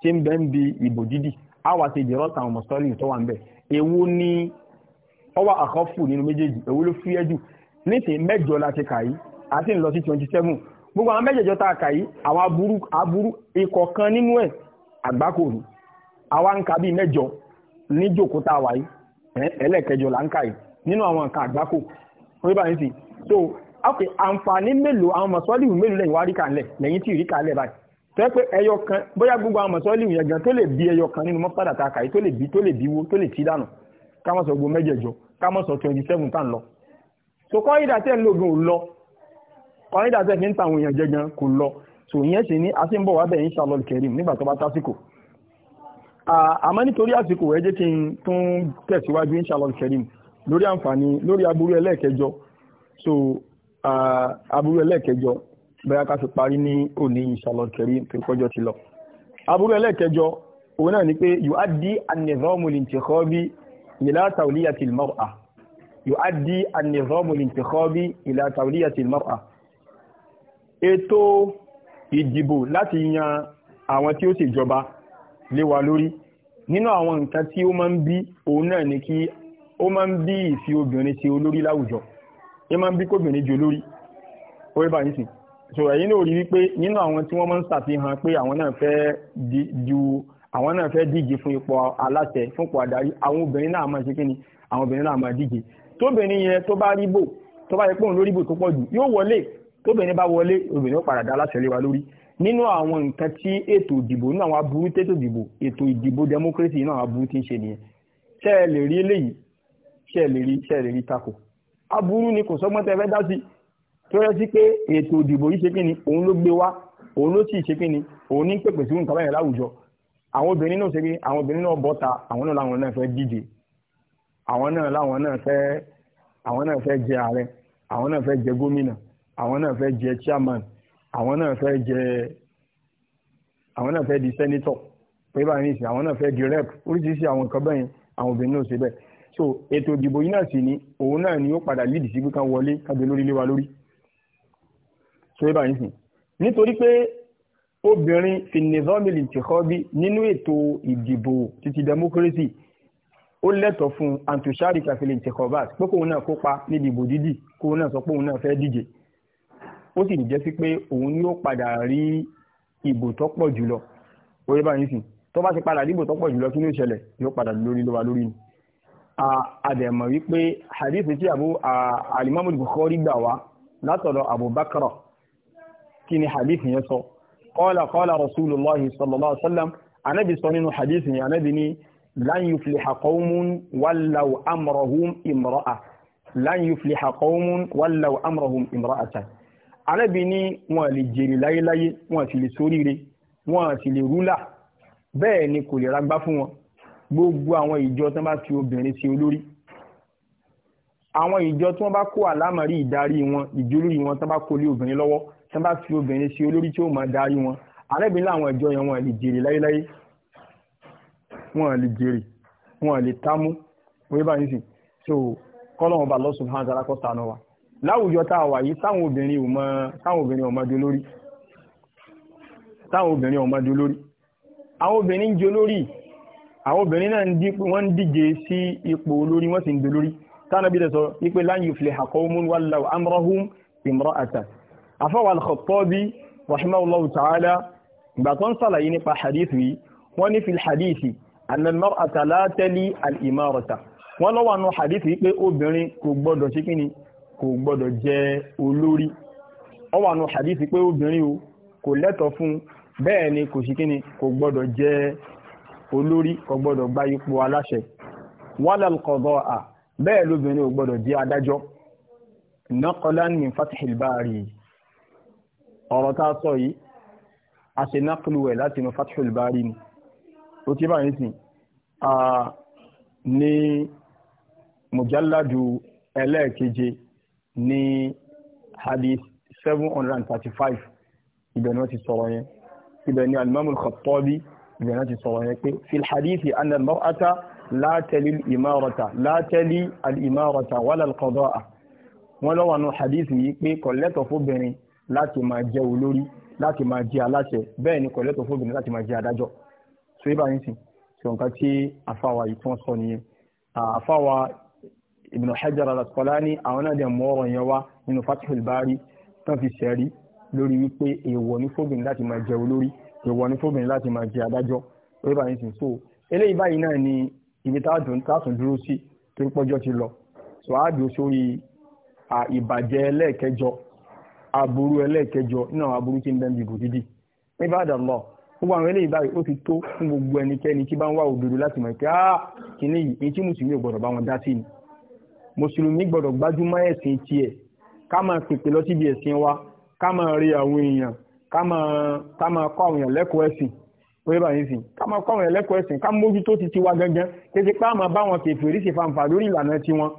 S1: tí ń bẹ́ ń bi ìbò dídì a wà ṣe dirasa àwọn mọ̀sọ́lì tó wà ń bẹ̀ èwo àti ń sí twenty gbogbo àwọn mẹ́jẹ̀jọ tá àwọn aburú ikọ̀ kan nínú ẹ̀ àgbákò àwa ń ka bíi mẹ́jọ ní jòkó tá a wà yìí ẹlẹ́ẹ̀kẹjọ là ń kà yìí nínú àwọn nǹkan àgbákò wọ́n bá yín sí so okay àǹfààní mélòó àwọn mọ̀sọ́lìwù mélòó lẹ́yìn wá rí kalẹ̀ lẹ́yìn tí rí kalẹ̀ báyìí tẹ́ pé ẹyọ kan bóyá gbogbo àwọn mọ̀sọ́lìwù yẹn gan tó lè bí ẹyọ kan nínú mọ́tàdà tá a kà yìí tó lè bí wo tó lè tí dànù ká sọ gbogbo mẹ́jẹ̀jọ so kọ́ńdà tẹ́ ń lò gan ò lọ so ìyẹn sì ní inshallah kẹrim nígbà tó bá àmọ́ nítorí àsìkò ẹ jẹ́ kí n tún tẹ̀síwájú inshallah kerim lórí àǹfààní lórí aburú ẹlẹ́ẹ̀kẹjọ so aburú ẹlẹ́ẹ̀kẹjọ bẹ́ẹ̀ ká fi parí ní òní inshallah kerim tó kọjọ ti lọ. aburú ẹlẹ́ẹ̀kẹjọ òun náà ni pé yuaddi an-nizamu al-intikhabi ila tawliyati al-mar'a yuaddi an-nizamu al-intikhabi ila tawliyati al-mar'a ètò ìdìbò láti yan àwọn tí ó ṣèjọba lé wa lórí nínú àwọn nǹkan tí ó máa ń bí òun náà ni kí ó máa ń bí ìfi obìnrin ṣe olórí láwùjọ ó máa ń bí kóbìnrin jò lórí ó yẹ báyìí sìn so ẹ̀yin náà rí wípé nínú àwọn tí wọ́n máa ń ṣàfihàn pé àwọn náà fẹ́ ju àwọn náà fẹ́ díje fún ipò aláṣẹ fún ipò adarí àwọn obìnrin náà máa ṣe kí ni àwọn obìnrin náà máa díje tóbìnrin yẹn tó bá rí bò tó bá yẹ pé òun lórí bò tó pọ̀ jù yóò wọlé tóbìnrin bá wọlé obìnrin ó padà dá aláṣẹ lé wa lórí nínú àwọn nǹkan tí ètò ìdìbò nínú àwọn aburú tètò ìdìbò ètò ìdìbò democracy nínú àwọn aburú tí ń ṣe nìyẹn ṣe ẹ lè rí eléyìí ṣe ẹ lè rí ṣe ẹ lè rí tako aburú ni kò sọgbọ́n tẹ fẹ́ dá sí tó yẹ sí pé ètò ìdìbò yìí ṣe kí ni òun ló gbé wá òun ló sì ṣe kí ni òun ní pèpè sí nǹkan báyìí láwùjọ àwọn obìnrin náà ṣe kí àwọn obìnrin náà bọ́ta àwọn náà làwọn náà fẹ́ díje àwọn náà làwọn náà fẹ́ àwọn náà fẹ́ jẹ ààrẹ àwọn náà fẹ́ jẹ gómìnà àwọn náà fẹ́ jẹ chairman àwọn náà fẹ́ jẹ àwọn náà fẹ́ di sẹ́nítọ̀ pé báyìí nìsín àwọn náà fẹ́ di rep oríṣiríṣi àwọn nǹkan bẹ́yìn àwọn obìnrin náà ṣe bẹ́ẹ̀ so ètò ìdìbò yìí náà sì ni òun náà ni ó padà lead sí pé kan wọlé kábíyé lórí lé wa lórí so pé báyìí nìsín nítorí pé obìnrin finizọ́mìlì tìkọ́bí nínú ètò ìdìbò títí democracy ó lẹ́tọ̀ọ́ fún antusharika filin tìkọ́bá pé kóun náà kópa nídìbò dídì kóun náà sọ pé òun náà fẹ́ díje ó sì jẹ́ sí pé òun ni ó padà rí ìbò tó pọ̀ jùlọ orí bá yín sìn tó bá ti padà rí ìbò tó pọ̀ jùlọ kí ni ó ṣẹlẹ̀ yóò padà lórí ló wa lórí ni. àdẹ̀mọ̀ wípé hadith tí àbú alimami Bukhari gbà wá látọ̀dọ̀ Abubakar kí ni hadith yẹn sọ qala qala Rasulullah sallallahu alaihi wasallam anabi sọ nínú hadith yẹn anabi ni lan yufliha qawmun amrahum imra'a lan yufliha qawmun wallaw amrahum imra'atan anábì ní wọn lè jèrè láyéláyé wọn sì lè ṣoríire wọn sì lè rúlà bẹ́ẹ̀ ni kò lè ragbá fún wọn gbogbo àwọn ìjọ tí wọ́n bá fi obìnrin sí olórí àwọn ìjọ tí wọ́n bá kó àlámọ̀rí ìdarí wọn ìjólórí wọn tí wọ́n bá kó lé obìnrin lọ́wọ́ tí wọ́n bá fi obìnrin sí olórí tí ó máa darí wọn arábìnrin láwọn ìjọ yẹn wọn lè jèrè láyéláyé wọn lè jèrè wọn lè támú wọ́n yé báyìí sì so kọ́lọ́wọ́n bá lọ́sùn hàn sára kọ́ta náà wà láwùjọ tá a wà yìí táwọn obìnrin ò mọ táwọn obìnrin ọmọ di olórí táwọn obìnrin ọmọ di olórí àwọn obìnrin ń di olórí àwọn obìnrin náà wọ́n ń díje sí ipò olórí wọ́n sì ń di olórí tánàbí dẹ̀ sọ wípé lan yufliha qawmun wallaw amrahum imra'atan afọwà al-Khattabi rahimahullahu ta'ala ìgbà tó ń sàlàyé nípa hadithu yìí wọ́n ní fil hadithi anna al-mar'ata la tali al-imarata wọ́n yìí pé obìnrin kò gbọ́dọ̀ sí kíni kò gbọ́dọ̀ jẹ́ olórí ó wà nù hadithi pé obìnrin o kò lẹ́tọ̀ fún bẹ́ẹ̀ ni kò sí kíni kò gbọ́dọ̀ jẹ́ olórí kò gbọ́dọ̀ gba ipò aláṣẹ wálàl kọ̀dọ̀ à bẹ́ẹ̀ lóbìnrin ò gbọ́dọ̀ jẹ́ adájọ́ naqlan min fathil ọ̀rọ̀ tá sọ yìí a ṣe nákùlù ẹ̀ láti inú fathil ni ó ti báyìí sìn ní mujalladu ẹlẹ́ẹ̀keje ní hadith seven hundred and thirty five ibẹ̀ ni wọ́n ti sọ̀rọ̀ yẹn ibẹ̀ ni alimami al-Khattabi ibẹ̀ ni wọ́n ti sọ̀rọ̀ yẹn pé fil hadithi anna al-mar'ata la tali al-imarata la tali al-imarata wala al-qada'a wọ́n lọ́wọ́ nu hadithi yìí pé kọ̀lẹ́tọ̀ fóbìnrin láti máa jẹ́ olórí láti máa jẹ́ aláṣẹ bẹ́ẹ̀ ni kọ̀lẹ́tọ̀ fóbìnrin láti máa jẹ́ adájọ́ so ibà yín sì sọ̀nká tí afáwa yìí tí sọ nìyẹn àfáwa Ibn Hajar al-Asqalani àwọn náà dẹ̀ mọ́ ọ̀rọ̀ yẹn wá nínú Fathul Bari tán fi sẹ́rí lórí wípé èèwọ̀ ní fóbìnrin láti máa jẹ olórí èèwọ̀ ní fóbìnrin láti máa jẹ adájọ́ orí bàyìí sì so eléyìí báyìí náà ni ibi táàtún táàtún dúró sí torí pọ́jọ́ ti lọ so àádùn sórí ìbàjẹ́ ẹlẹ́ẹ̀kẹjọ aburú ẹlẹ́ẹ̀kẹjọ náà aburú tí ń bẹ́ẹ̀ dìbò dídì Ìbàdàn lọ gbogbo àwọn eléyìí báyìí ó ti tó fún gbogbo ẹnikẹ́ni tí bá ń wá òdodo láti mọ̀ pé ah kìnnìyí èyí tí mùsùlùmí ò gbọ́dọ̀ bá wọn dá sí ni mùsùlùmí gbọ́dọ̀ gbájúmọ́ ẹ̀sìn tiẹ̀ ká máa pèpè lọ síbi ẹ̀sìn wa ká máa rí àwọn èèyàn ká máa ká máa kọ́ àwọn èèyàn lẹ́kọ̀ọ́ ẹ̀sìn pé báyìí sìn ká máa kọ́ àwọn èèyàn lẹ́kọ̀ọ́ ẹ̀sìn ká mójútó ti tiwa gangan kéde pé àwọn bá wọn kèfì rí sí fanfà lórí ìlànà tiwọn.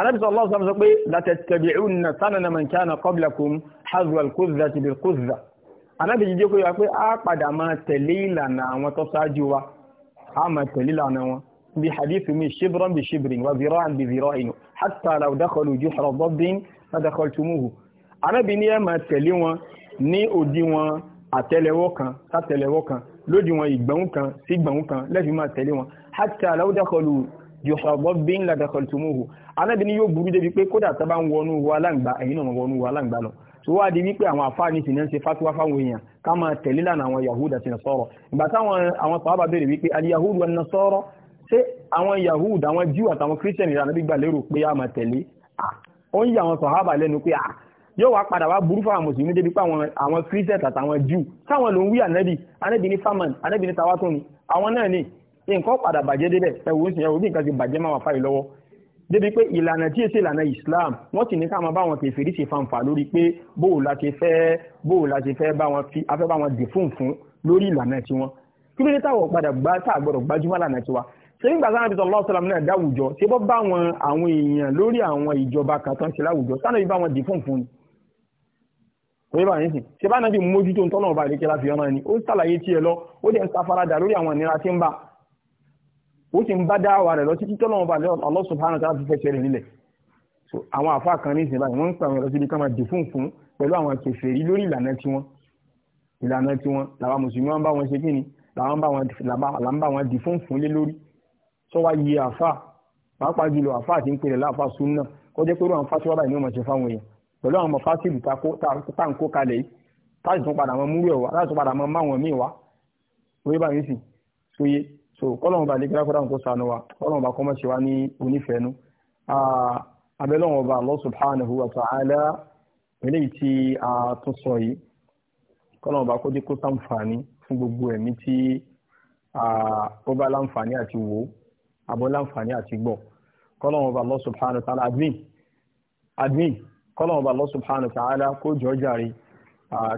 S1: Ànábì sallallahu alaihi wasallam sọ pé latattabi'unna sanana man kana qablakum hazwa al-qudhdhati bil-qudhdha Ànábì jíjẹ́ kó yà pé á padà máa tẹ̀lé ìlànà àwọn tó ṣáájú wa á máa tẹ̀lé ìlànà wọn بحديث من شبرا بشبر وذراعا بذراع حتى لو دخلوا جحر ضب فدخلتموه Ànábì ní ẹ máa tẹ̀lé wọn ní òdiwọ̀n àtẹ́lẹwọ́ kan sátẹ́lẹwọ́ kan lódiwọ̀n ìgbọ̀n kan sí ìgbọ̀n kan lẹ́fi máa tẹ̀lé wọn hatta law dakhalu juhra dabbin la dakhaltumuhu Ànábì ní yóò burú débi pé kódà tá bá ń wọnú wo aláǹgbá ẹ̀yin náà wọnú wo aláǹgbá lọ tó wá di wípé àwọn àfáàní sì náà ń ṣe fatuwa fáwọn èèyàn ká máa tẹ̀lé lánàá àwọn yahuda àti nasọ́rọ̀ ìgbà táwọn àwọn sàhábà béèrè wípé al yahudu wan nasọ́rọ̀ ṣé àwọn Yahud àwọn Jew àtàwọn Christian ìlànà gbígbà lérò pé a máa tẹ̀lé ó ń yà àwọn sọ̀hábà lẹ́nu pé yóò wá padà wá burú fáwọn mùsùlùmí débi pé àwọn Christian àtàwọn Jew táwọn ló ń wí ànẹ́bì ànẹ́bì ní farman ànẹ́bì ní tawátó ni àwọn náà ni nǹkan padà bàjẹ́ débẹ̀ ẹ̀wò ń sìn ẹ̀wò bí nǹkan ti bàjẹ́ máa wà fáyì lọ́wọ́ débi pé ìlànà tí èsì ìlànà Islam wọ́n sì ní ká máa bá wọn kèfèrí ṣe fanfà lórí pé bóò la ṣe fẹ́ bóò la ṣe fẹ́ bá wọn fi afẹ́ bá wọn dì fún fún lórí ìlànà tiwọn kí ló dé táwọn padà gbá tá àgbọ̀dọ̀ gbájúmọ́ lànà tiwa ṣé nígbà sáà nàbìtọ̀ lọ́wọ́ sọ́lá náà dáwùjọ ṣé bọ́ bá wọn àwọn èèyàn lórí àwọn ìjọba kan tán ṣe láwùjọ sáà bá wọn dì fún fún ni òye bá yẹn sìn ṣé bá nàbì mójútó ń tọ́nà ọba àdékẹ́ láfi ọmọ ẹni ó ṣàlàyé tiẹ̀ lọ ó dẹ̀ ń safarada lórí àwọn ìnira tí ń bá ó sì ń bá dá àwa rẹ̀ lọ títí tọ́nà ọba Allah subhanahu wa ta'ala fi fẹsẹ̀ rẹ̀ nílẹ̀ so àwọn àfa kan ní ìsìn báyìí wọ́n ń pa àwọn ìrọsíbi kan máa dì fún fún pẹ̀lú àwọn kèfèrí lórí ìlànà tiwọn ìlànà tiwọn làwọn mùsùlùmí wọn bá wọn ṣe kí ni làwọn bá wọn dì fún sọ wá yí àfà pàápàá jùlọ àfà àti ń pè rẹ̀ láàfà súnà kó jẹ́ pé irú àwọn fásitì wà báyìí ní ọmọ ṣe fáwọn èèyàn pẹ̀lú àwọn ọmọ fásitì tá à kó kalẹ̀ yìí láti tún padà wọn múrú ẹ̀ wá láti tún padà wọn máwọn míì wá oyè báyìí sì sóye so kọ́lọ́mù bá lẹ́gbẹ́rẹ́ kó dáhùn sànù wa kọ́lọ́mù bá kọ́mọ̀ ṣe wá ní onífẹ̀ẹ́nu abẹ́lọ́wọ̀n ọba Allah subhanahu wa ta'ala eléyìí a tún sọ yìí kọ́lọ́mù bá kó dé kó sàǹfààní fún gbogbo ẹ̀mí tí abọ́láǹfààní àti gbọ́ kọ́lọ́wọ́n bá Allah subhanahu wa ta'ala admin admin kọ́lọ́wọ́n bá Allah subhanahu wa ta'ala kó jọ jàre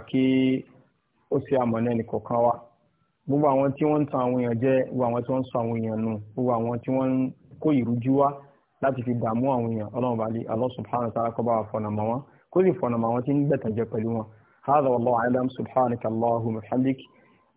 S1: kí ó ṣe àmọ̀nà ẹnì kọ̀ọ̀kan wa gbogbo àwọn tí wọ́n ń tan àwọn èèyàn jẹ gbogbo àwọn tí wọ́n ń sọ àwọn èèyàn nù gbogbo àwọn tí wọ́n ń kó ìrújú wá láti fi dààmú àwọn èèyàn ọlọ́run bá lé Allah subhanahu wa bá wa fọ̀nà mọ́ wọn kó sì fọ̀nà mọ́ wọn tí ń gbẹ̀tàn jẹ pẹ̀lú wọn. hadha wallahu a'lam subhanaka allahumma wa bihamdik